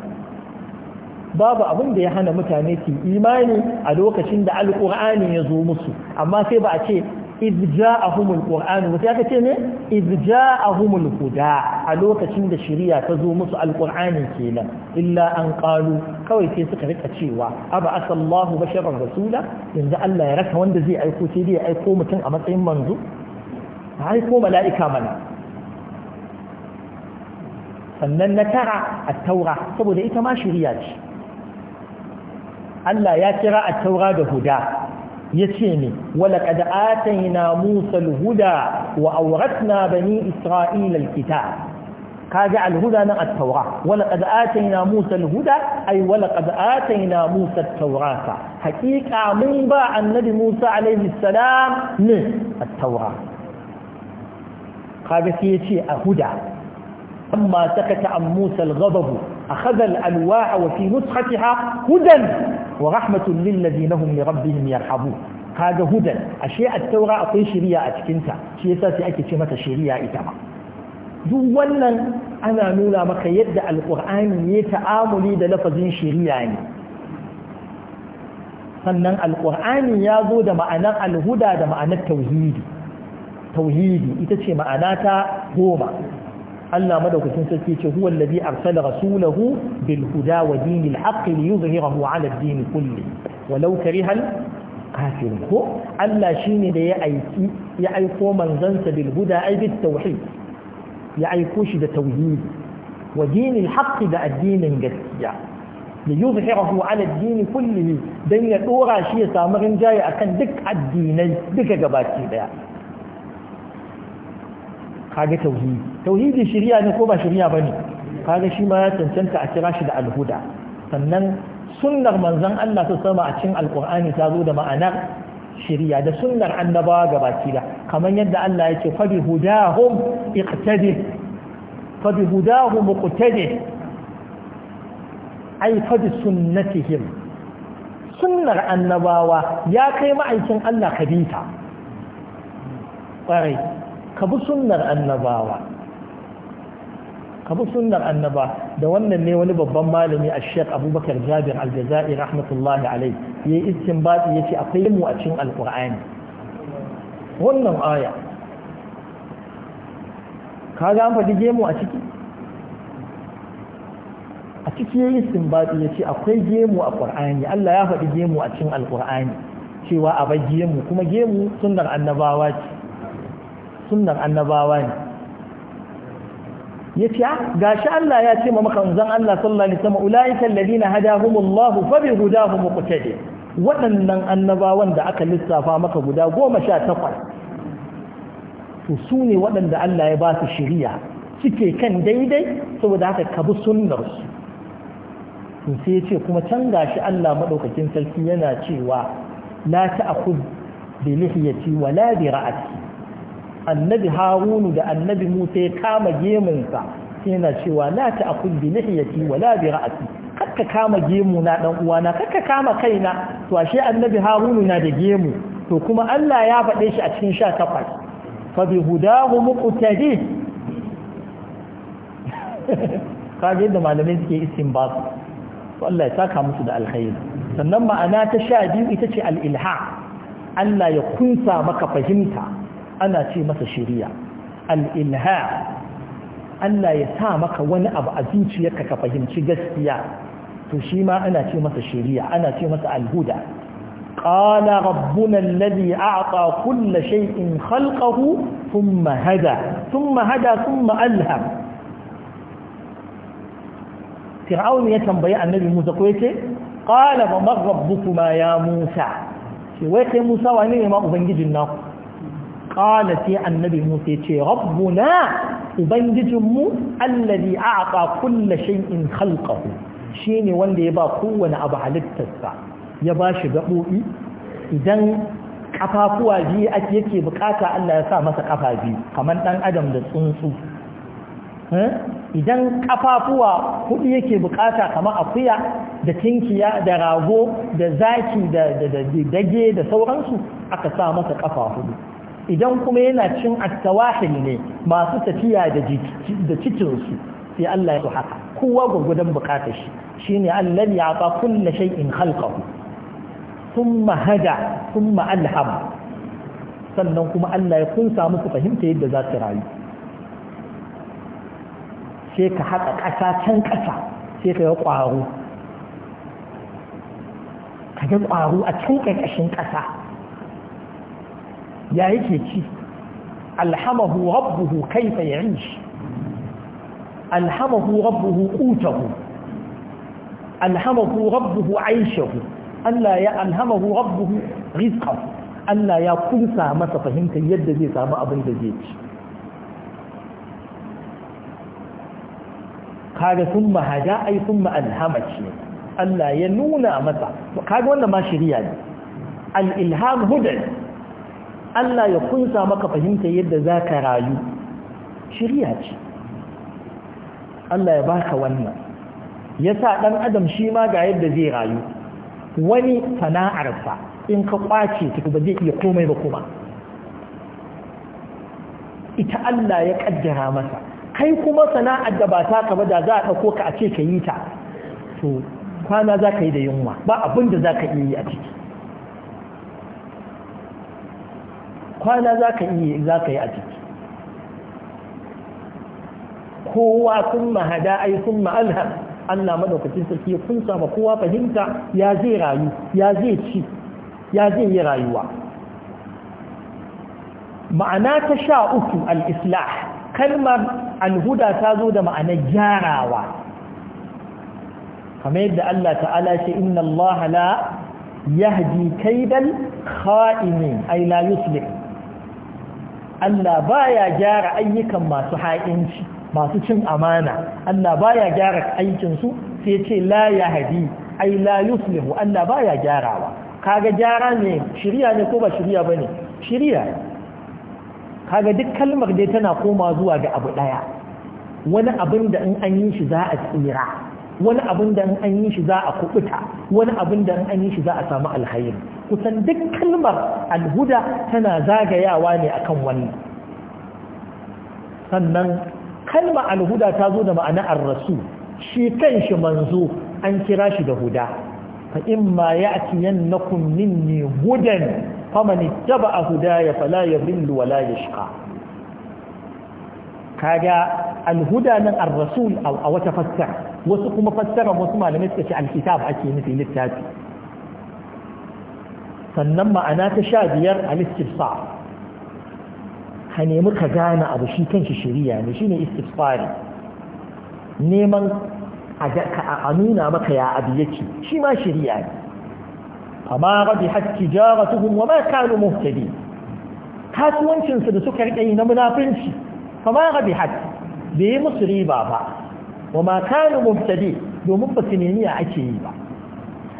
babu abin da ya hana mutane su imani a lokacin da alkur'ani ya zo musu amma sai ba a ce izja a humul ƙor'anu mutu ya ka ce ne izja a humul huda a lokacin da shiriya ta zo musu alƙor'ani ke nan illa an ƙalu kawai sai suka rika cewa abu asallahu bashirar rasula yanzu allah ya raka wanda zai aiko sai dai aiko mutum a matsayin manzo a aiko mala'ika mana sannan na tara a taura saboda ita ma shiriya ce allah ya kira a taura da huda yace ne wala qad atayna musa al wa awratna bani isra'ila al-kitab kaga alhuda huda na taura wala qad atayna musa al ai ay wala qad musa at-taurata mun ba annabi musa alayhi salam ne a taura kaga sai yace a huda لما سكت عن موسى الغضب أخذ الألواح وفي نسختها هدى ورحمة للذين هم لربهم يرحبون هذا هدى أشياء التوراة أقول شريعة أتكنت شيء ساسي أكي شمة شريعة إتما duk wannan ana nuna maka yadda alƙur'ani ne ta'amuli da lafazin shiriya ne sannan alƙur'ani ya zo da ma'anar alhuda da ma'anar tauhidi tauhidi ita ce ma'ana ta goma Allah madaukakin sarki ce huwa alladhi arsala rasulahu bil huda wa dinil haqqi liyuzhirahu ala ad-din kulli walau karihal kafirun ko Allah shine da ya aiki ya aiko manzansa bil huda ay bit tauhid ya aiko shi da tauhid wa dinil haqqi da addinin gaskiya liyuzhirahu ala ad-din kulli dan ya dora shi ya samu rinjaye akan duk addinai duka gabaki daya kaga tauhidi tauhidi shari'a ne ko ba shari'a bane kaga shi ma ya cancanta a kira shi da alhuda sannan sunnar manzon Allah ta sama a cikin alqur'ani ta zo da ma'anar shari'a da sunnar annabawa gabaki da kamar yadda Allah yake fa bi hudahum iqtadi fa bi hudahum iqtadi ai fa bi sunnatihim sunnar annabawa ya kai ma'aikin Allah kadita ƙwarai ka bi sunnar annabawa ka bi sunnar annaba da wannan ne wani babban malami a shek abubakar jabir aljaza'i rahmatullahi alai ya yi istinbati ya ce akwai mu a cikin alkur'ani wannan aya ka ga an faɗi gemu a ciki a ciki ya yi istinbati ya ce akwai gemu a ƙur'ani allah ya faɗi gemu a cikin alkur'ani cewa a bai gemu kuma gemu sunnar annabawa ce sunnan annabawa ne ya ce ah, shi Allah ya ce ma makanzan Allah sallallahu alaihi wasallam ladina hadahumullahu waɗannan annabawan da aka lissafa maka guda goma sha takwas to su ne waɗanda Allah ya ba su shiriya suke kan daidai saboda haka ka bi sunnar su to sai ya ce kuma can gashi Allah maɗaukakin sarki yana cewa la ta'khudh bi lihiyati wa la bi ra'ati annabi harunu da annabi musa ya kama gemunsa sai yana cewa la ta akul bi lihiyati wala bi ra'si kakka kama gemu na dan uwana kakka kama kaina to ashe annabi harunu na da gemu to kuma Allah ya faɗe shi a cikin sha 18 fa bi hudahu muqtadi (laughs) kaje yadda malamai suke istinbat to Allah ya saka musu da alkhairi sannan ma'ana ta sha biyu ita ce al-ilha Allah ya kunsa maka fahimta أنا تي مسا شريع الإنهاء أن يسامك ونأب أزيج يكك فهم تجسيا تشيما أنا تي مسا شريع أنا تي مسا الهدى قال ربنا الذي أعطى كل شيء خلقه ثم هدى ثم هدى ثم ألهم فرعون يتم بيع النبي موسى كويتي قال فمن ربكما يا موسى كويتي موسى وعنين ما أبنجي الناقص qala sai annabi Musa ya ce rabbuna ubangijinmu allazi a'ta kulli shay'in khalqahu shine wanda ya ba kowane abu halittarsa ya ba shi gabobi idan kafafuwa biyu ake yake bukata Allah ya sa masa kafa biyu kamar dan adam da tsuntsu eh? idan kafafuwa hudu yake bukata kamar akuya da tinkiya da rago da zaki da dage da sauransu aka sa masa kafa hudu idan kuma yana cin attawahil ne masu tafiya da cikinsu sai Allah ya su haka kowa gwagwadon bukatar shi shine Allah ya ba kulla shay'in khalqahu thumma hada thumma alham sannan kuma Allah ya kunsa musu fahimta yadda za su rayu sai ka haka ƙasa can ƙasa sai ka yi ƙwaro ka yi ƙwaro a can ƙarƙashin ƙasa ya yake ci alhamahu rabbuhu kaifa ya'ish alhamahu rabbuhu qutahu alhamahu rabbuhu 'aishahu Allah ya alhamahu rabbuhu rizqahu Allah ya kunsa masa fahimta yadda zai samu abin da zai ci kaga sun mahaja ai sun alhama ma'alhamaci Allah ya nuna masa kaga wannan ma shirya ne al-ilham hudan Allah ya kunsa maka fahimta yadda za ka rayu shirya ce Allah ya baka wannan ya sa ɗan adam shi ma ga yadda zai rayu wani sana'ar fa in ka kwace ta ba zai iya komai ba kuma ita Allah ya ƙaddara masa kai kuma sana'ar da ba ta kaba da za a ɗauko ka a ce ka yi ta to kwana za ka yi da yunwa ba abin da za ka iya yi a ciki kwana za ka yi a ciki kowa sun mahada ai sun ma'alham Allah madaukakin sarki ya kunsa ma kowa fahimta ya zai rayu ya zai ci ya zai yi rayuwa ma'ana ta sha uku al-islah kalmar alhuda ta zo da ma'anar gyarawa kamar yadda Allah ta'ala ce inna Allah la yahdi kaidan kha'inin ay la yuslih Allah ba ya gyara ayyukan masu ha'inci masu cin amana Allah ba ya gyara aikinsu sai ce la ya hadi ai la yuslihu Allah ba baya gyarawa kaga gyara ne shirya ne ko ba shirya Shirya ne. shirya kaga duk kalmar dai tana koma zuwa ga abu ɗaya, wani abin da in an yi shi za a tsira wani abin da an yi shi za a kubuta wani abin da an yi shi za a samu alhairi kusan duk kalmar alhuda tana zagayawa ne akan wani. sannan kalma alhuda ta zo da ma'ana ar-rasul shi kanshi manzo an kira shi da huda fa imma ya'tiyannakum minni hudan faman ittaba'a hudaya fala yadhillu wala yashqa kaga alhuda nan ar-rasul a wata fassara wasu kuma fassara wasu malamai suka ce alkitab ake nufi littafi sannan ma'ana ta sha biyar a istifsa ka nemi ka gane abu shi kanshi shari'a ne shine istifsari neman a nuna maka ya abu yake shi ma shari'a ne amma rabi jara jaratuhum wa ma kanu muhtadi kasuwancinsu da suka rike na munafinci kama rabi hakki bai yi musu riba ba wa ma kanu domin ba su nemi ake yi ba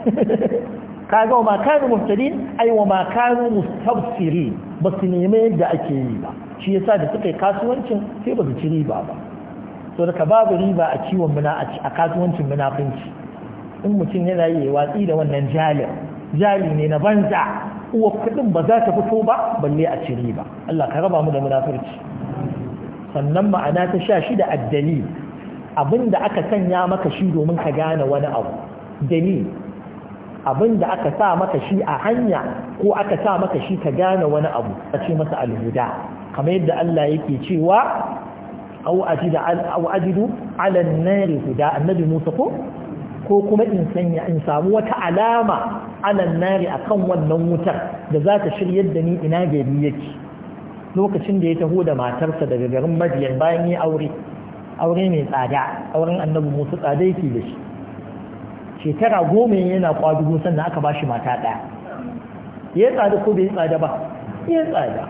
(laughs) kaga wa ma kanu mubtadi ai wa ma kanu ba su nemi yadda ake yi ba shi yasa da suka yi kasuwancin sai ba su ci riba ba to daga babu riba a ciwon muna a kasuwancin munafunci in mutum yana yi watsi da wannan jalin jali ne na banza uwa kudin ba za ta fito ba balle a ci riba Allah ka raba mu da munafurci sannan ma'ana ta sha shida addali abin da aka sanya maka shi domin ka gane wani abu dani abin da aka sa maka shi a hanya ko aka sa maka shi ka gane wani abu a ce masa alhuda kamar yadda Allah yake cewa au ajida au ajidu ala nari huda annabi Musa ko ko kuma in sanya in samu wata alama ala nari akan wannan wutar da za ta shiryar da ni ina gari yake lokacin da ya taho da matarsa daga garin madyan bayan ya aure aure mai tsada auren annabi musu tsada yake da shi shekara goma yana kwadugo sannan aka ba shi mata ɗaya ya tsada ko bai tsada ba ya tsada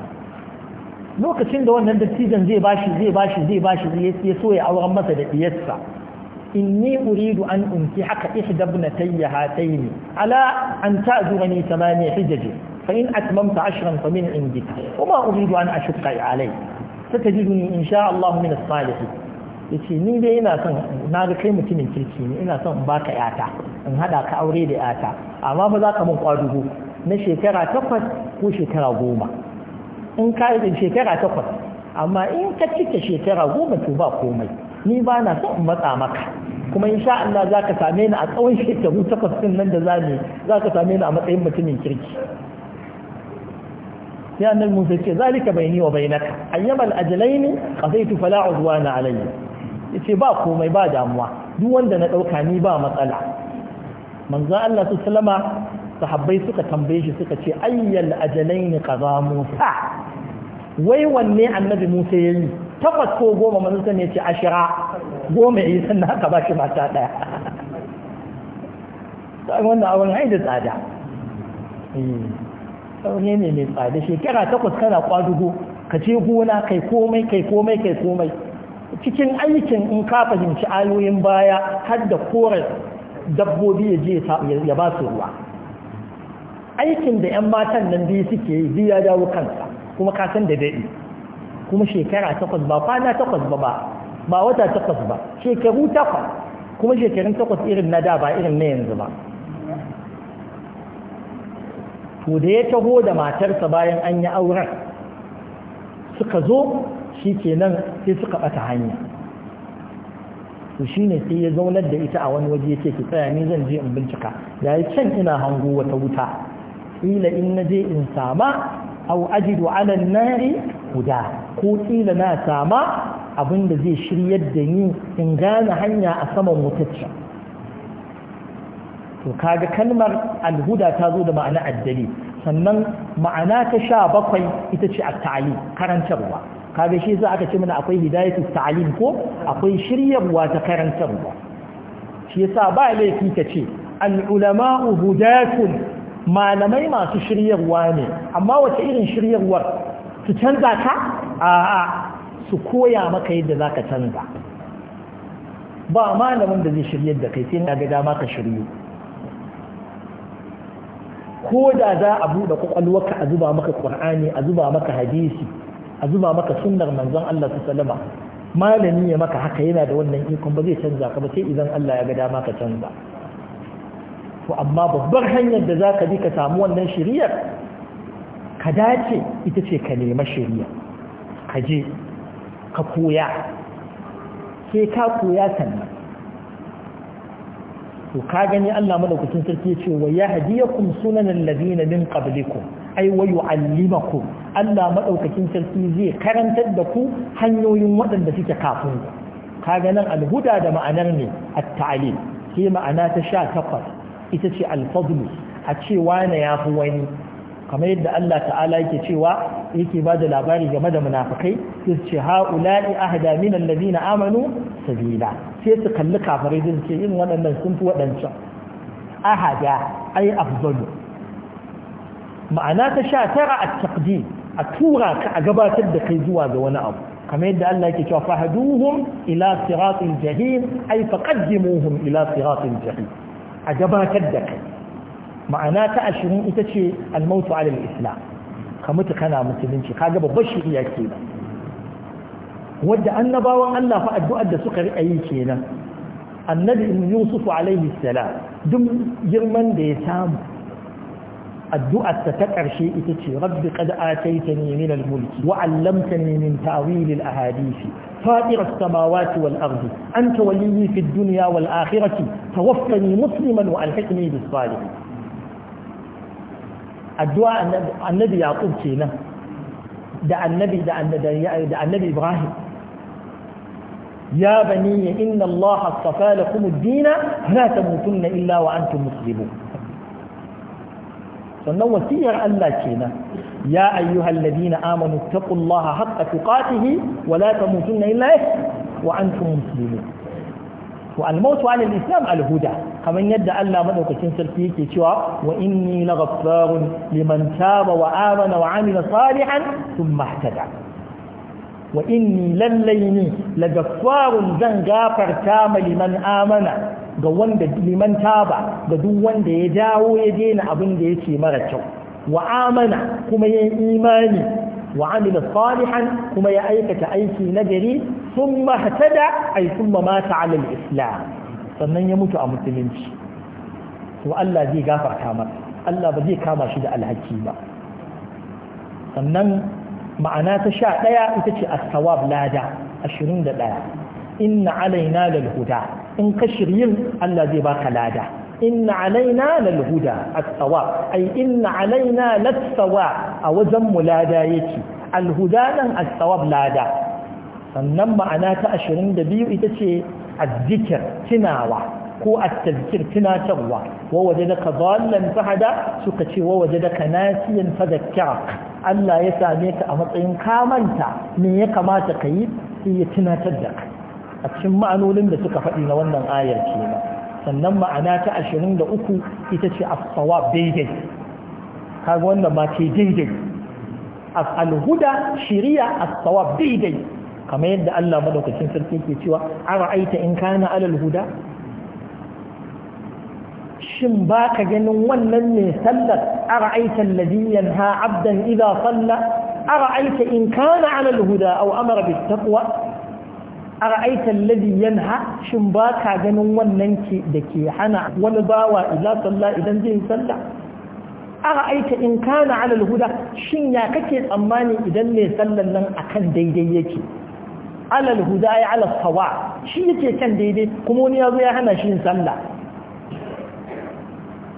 lokacin da wannan dattijan zai bashi zai bashi zai bashi zai so ya auren masa da diyarsa in ni uridu an unki haka ihda ibnatayya ne ala an ta'zurani thamani hijaje fa in atmamta ashran fa min indika wa ma uridu an ashqa alayk satajiduni insha Allah min as-salihin ya ce ni dai ina son na ga kai mutumin kirki ne ina son in ka yata in haɗa ka aure da yata amma ba za ka min kwadugo na shekara takwas ko shekara goma in ka yi shekara takwas amma in ka cika shekara goma to ba komai ni ba na son in matsa maka kuma insha Allah za ka same ni a tsawon shekaru takwas din nan da za za ka same ni a matsayin mutumin kirki Yanar annal musa ce zalika ni wa bai bainaka ayyamal tufala a fala na alayya yace ba komai ba damuwa duk wanda na dauka ni ba matsala manzo Allah su salama sahabbai suka tambaye shi suka ce ayyal ajalain qaza Musa wai wanne annabi Musa yayi takwas ko goma manzo sai yace ashira goma yi sannan haka ba shi mata daya sai wannan abun haida tsada sauri eh, ne mai tsada shekara takwas kana kwadugo ka ce gona kai komai kai komai kai komai cikin aikin in ka fahimci ayoyin baya har da kore dabbobi ya je ya ba su ruwa aikin da 'yan matan nan biyu suke yi biyu ya dawo kansa kuma ka san da daɗi kuma shekara takwas ba kwana takwas ba ba ba wata takwas ba shekaru takwas kuma shekarun takwas irin na da ba irin na yanzu ba to da ya taho da matarsa bayan an yi auren suka zo shi ke nan sai suka ɓata hanya to shi ne sai ya zaunar da ita a wani waje ya ce ki tsaya ni zan je in bincika ya yi can ina hango wata wuta ƙila in na je in sama au ajidu ala nari guda ko ƙila na sama abin da zai shiryar da ni in gane hanya a saman wutacce to kaga kalmar alhuda ta zo da ma'ana addali sannan ma'ana ta sha bakwai ita ce a tali karantarwa kaga shi za aka ce mana akwai hidayatu ta'alim ko akwai shiryarwa ta karantarwa shi yasa ba laifi ka ce al-ulama'u hudatun malamai masu shiryarwa ne amma wace irin shiryarwar su canza ka a'a su koya maka yadda zaka canza ba malamin da zai shiryar da kai sai na ga dama ka shiryu ko da za a buɗe kwakwalwarka a zuba maka ƙur'ani a zuba maka hadisi a zuba maka sunnar manzon Allah ta salama malami ya maka haka yana da wannan ikon ba zai canza ka ba sai idan Allah ya ga dama ka canza to amma babbar hanyar da zaka ka bi ka samu wannan shiriyar ka dace ita ce ka nema shiriya ka je ka koya sai ka koya sannan to ka gani Allah madaukakin sarki ce wa yahdiyakum sunanal ladina min qablikum ai wa yu'allimakum Allah madaukakin sarki zai karantar da ku hanyoyin waɗanda suke kafin ku ka ganin alhuda da ma'anar ne at-ta'lim sai ma'ana ta 18 ita ce al-fadl a cewa na yafi wani kamar yadda Allah ta'ala yake cewa yake ba da labari game da munafikai sai su ce ha'ula'i ahda min allazina amanu sabila sai su kalli kafirai sai su ce irin waɗannan sun fi waɗancan ahada ai afdalu ma'ana ta sha tara a taqdim a tura ka a gabatar da kai zuwa ga wani abu kamar yadda Allah yake cewa fahaduhum ila siratil jahim ay faqaddimuhum ila siratil jahim a gabatar da kai ma'ana ta ashirin ita ce almautu alal islam ka mutu kana musulunci ka ga babbar shiriya kenan wadda annabawan Allah fa addu'ar da suka riƙa yi kenan annabi yusuf alaihi salam duk girman da ya samu addu'ar ta ta ƙarshe ita ce rabbi qad ataitani min al-mulki wa 'allamtani min ta'wil al-ahadith فاطر السماوات والأرض أنت ولي في الدنيا والآخرة توفني مسلما وألحقني بالصالحين addu'a annabi yaqub kenan da annabi da annabi ibrahim ya bani inna allah astafa lakum ad-din la tamutunna illa wa antum muslimun sannan wasiyar Allah kenan ya ayyuhal ladina amanu taqullaha haqqa tuqatihi wa la tamutunna illa wa antum muslimun to almautu ala islam alhuda kamar yadda Allah madaukakin sarki yake cewa wa inni laghaffarun liman taba wa amana wa amila salihan thumma ihtada wa inni lallaini laghaffarun zan gafarta ma liman amana ga wanda liman taba ga duk wanda ya dawo ya daina abin da yake mara kyau wa amana kuma yayin imani wa amila salihan kuma ya aikata aiki nagari sun mahtada ai sun mata alal islam sannan ya mutu a musulunci to Allah zai gafarta masa Allah ba zai kama shi da alhaki ba sannan ma'ana ta sha ɗaya ita ce a sawab lada ashirin da ɗaya inna alaina lal huda in ka shiryin Allah zai baka lada inna alaina lal huda as-sawab ai inna alaina lat sawa a wajen mu lada yake al huda nan as-sawab lada sannan ma'ana ta ashirin da biyu ita ce azzikir tunawa ko attazkir tunatarwa wa waje da ka zallan fahada suka ce wa waje da ka nasiyan fadakkar Allah ya same ka a matsayin kamanta ne ya kamata ka yi ya tunatar da ka a cikin ma'anonin da suka faɗi na wannan ayar kenan sannan ma'ana ta ashirin da uku ita ce a daidai kaga wannan ma ce daidai A alhuda shiriya a daidai kamar yadda Allah madaukakin sarki ke cewa ara'aita in kana alal huda shin baka ganin wannan ne sallar ara'aita alladhi yanha 'abdan idha salla ara'aita in kana alal huda aw amara bit taqwa ara'aita alladhi yanha shin baka ganin wannan ke dake hana wani bawa idza salla idan zai salla ara'aita in kana alal huda shin ya kake tsammani idan ne sallan nan akan daidai yake alal huda ya ala sawa shi yake kan daidai kuma wani ya zo ya hana shi yin sallah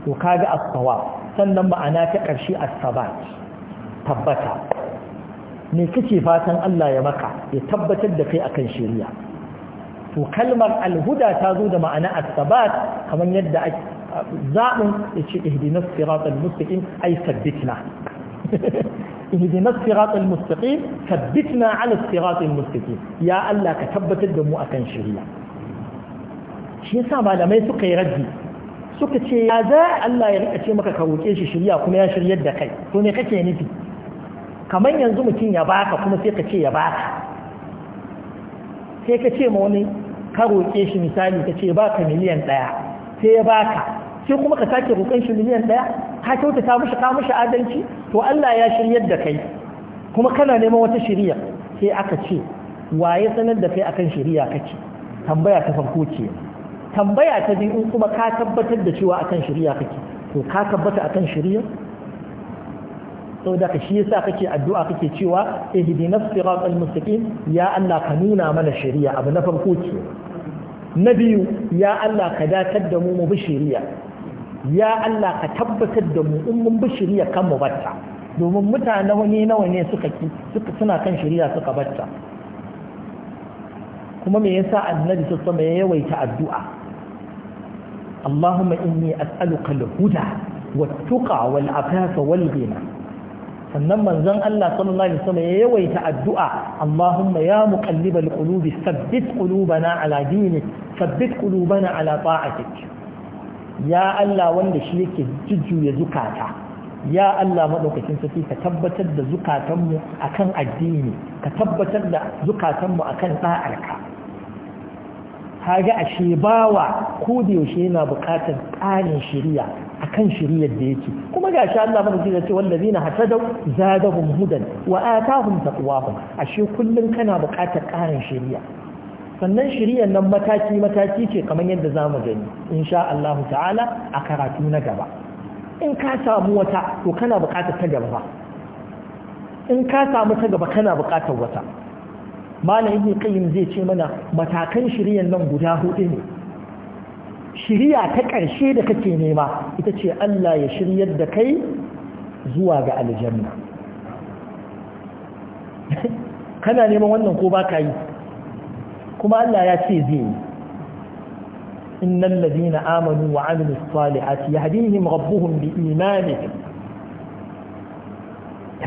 to kaga as-sawa sannan ma'ana ta ƙarshe as-sabat tabbata me kake fatan Allah ya maka ya tabbatar da kai akan shari'a to kalmar al-huda ta zo da ma'ana as-sabat kamar yadda zaɓin yace ce ihdinas siratal mustaqim ay sabbitna (laughs) اهدنا الصراط المستقيم ثبتنا على الصراط المستقيم يا tabbatar da mu akan shirya shi yasa malamai suka yi raddi suka ce ya za Allah ya rika ce maka ka roƙe shi shirya kuma ya shiryar da kai to me kake nufi kamar yanzu mutum ya baka kuma sai ka ce ya baka sai ka ce ma wani ka roƙe shi misali ka ce baka miliyan ɗaya sai ya baka sai kuma ka sake roƙon shi miliyan ɗaya ka kyautata mishi ka mishi adalci to Allah ya shiryar da kai kuma kana neman wata shiriya sai aka ce waye sanar da kai akan shiriya kake tambaya ta farko ce tambaya ta biyu in kuma ka tabbatar da cewa akan shiriya kake to ka tabbata akan shiriya saboda ka shi yasa kake addu'a kake cewa ihdinas siratal mustaqim ya Allah ka nuna mana shiriya abu na farko ce na biyu ya Allah ka datar da mu mu bi shiriya ya Allah ka tabbatar da mu in mun bi shari'a kan mu batta domin mutane wani nawa ne suka ki suka suna kan shari'a suka batta kuma me yasa annabi sallallahu alaihi ya yawaita addu'a Allahumma inni as'aluka al-huda wat-tuqa wal-afafa wal-ghina sannan manzon Allah sallallahu alaihi wasallam ya yawaita addu'a Allahumma ya muqallibal qulubi thabbit qulubana ala dinik thabbit ya Allah wanda shi yake jujjuya zukata ya Allah maɗaukacin sarki ka tabbatar da zukatanmu akan addini ka tabbatar da zukatanmu akan ɗa'arka haga ashe bawa ko da yaushe yana buƙatar ƙarin shirya akan shiryar da yake kuma ga shi Allah madauki ya ce wallazina hatadaw zadahum hudan wa atahum taqwahum ashe kullum kana buƙatar ƙarin shirya? sannan shiryar nan mataki-mataki ce kamar yadda za mu gani insha Allah ta'ala a karatu na gaba in ka samu wata to kana bukatar ta gaba in ka samu ta gaba kana bukatar wata malam ibn qayyim zai ce mana matakan shiryar nan guda hudu ne shiriya ta ƙarshe da kake nema ita ce Allah ya shiryar da kai zuwa ga aljanna (laughs) kana neman wannan ko ba ka yi kuma Allah ya ce zai yi innal ladina amanu wa amilus salihati yahdihim rabbuhum bi imanihim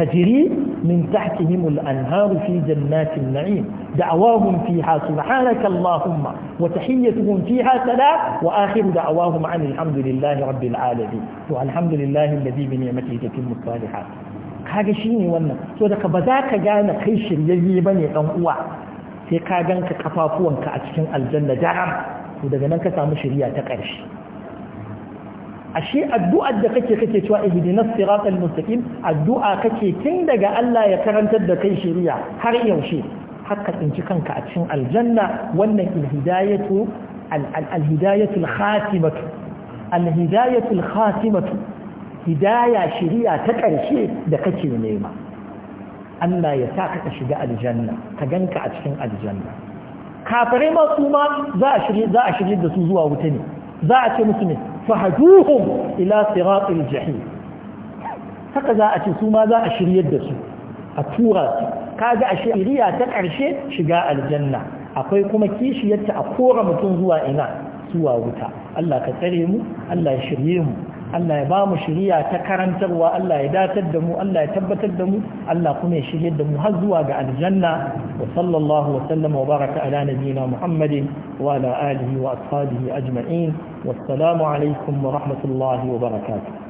تجري من تحتهم الأنهار في جنات النعيم دعواهم فيها سبحانك اللهم وتحيتهم فيها سلام وآخر دعواهم عن الحمد لله رب العالمين والحمد لله الذي بنعمته تتم الصالحات kaga shine wannan so daga ba za ka gane kai shiryayye bane dan uwa sai ka ganka kafafuwanka a cikin aljanna jaram to daga nan ka samu shari'a ta ƙarshe ashe addu'ar da kake kake cewa ihdinas siratal mustaqim addu'a kake tun daga Allah ya karantar da kai shari'a har yaushe haka tsinci kanka a cikin aljanna wannan alhidayatu alhidayatu alkhatimatu alhidayatu alkhatimatu hidaya shari'a ta ƙarshe da kake nema Allah ya sa ka shiga aljanna ka ganka a cikin aljanna Kafare ma su ma za a shirye za a shirye da su zuwa wuta ne za a ce musu ne fahaduhum ila siratil jahim haka za a ce su ma za a shirye da su a tura su kaga a shirya ta karshe shiga aljanna akwai kuma kishiyarta a kora mutum zuwa ina zuwa wuta Allah ka tsare mu Allah ya shirye mu Allah ya ba mu shiriya ta karantarwa Allah ya datar da mu Allah ya tabbatar da mu Allah kuma ya shirye da mu har zuwa ga aljanna wa sallallahu wa sallama wa baraka ala nabiyyina Muhammadin wa ala alihi wa ashabihi ajma'in wassalamu alaikum wa rahmatullahi wa barakatuh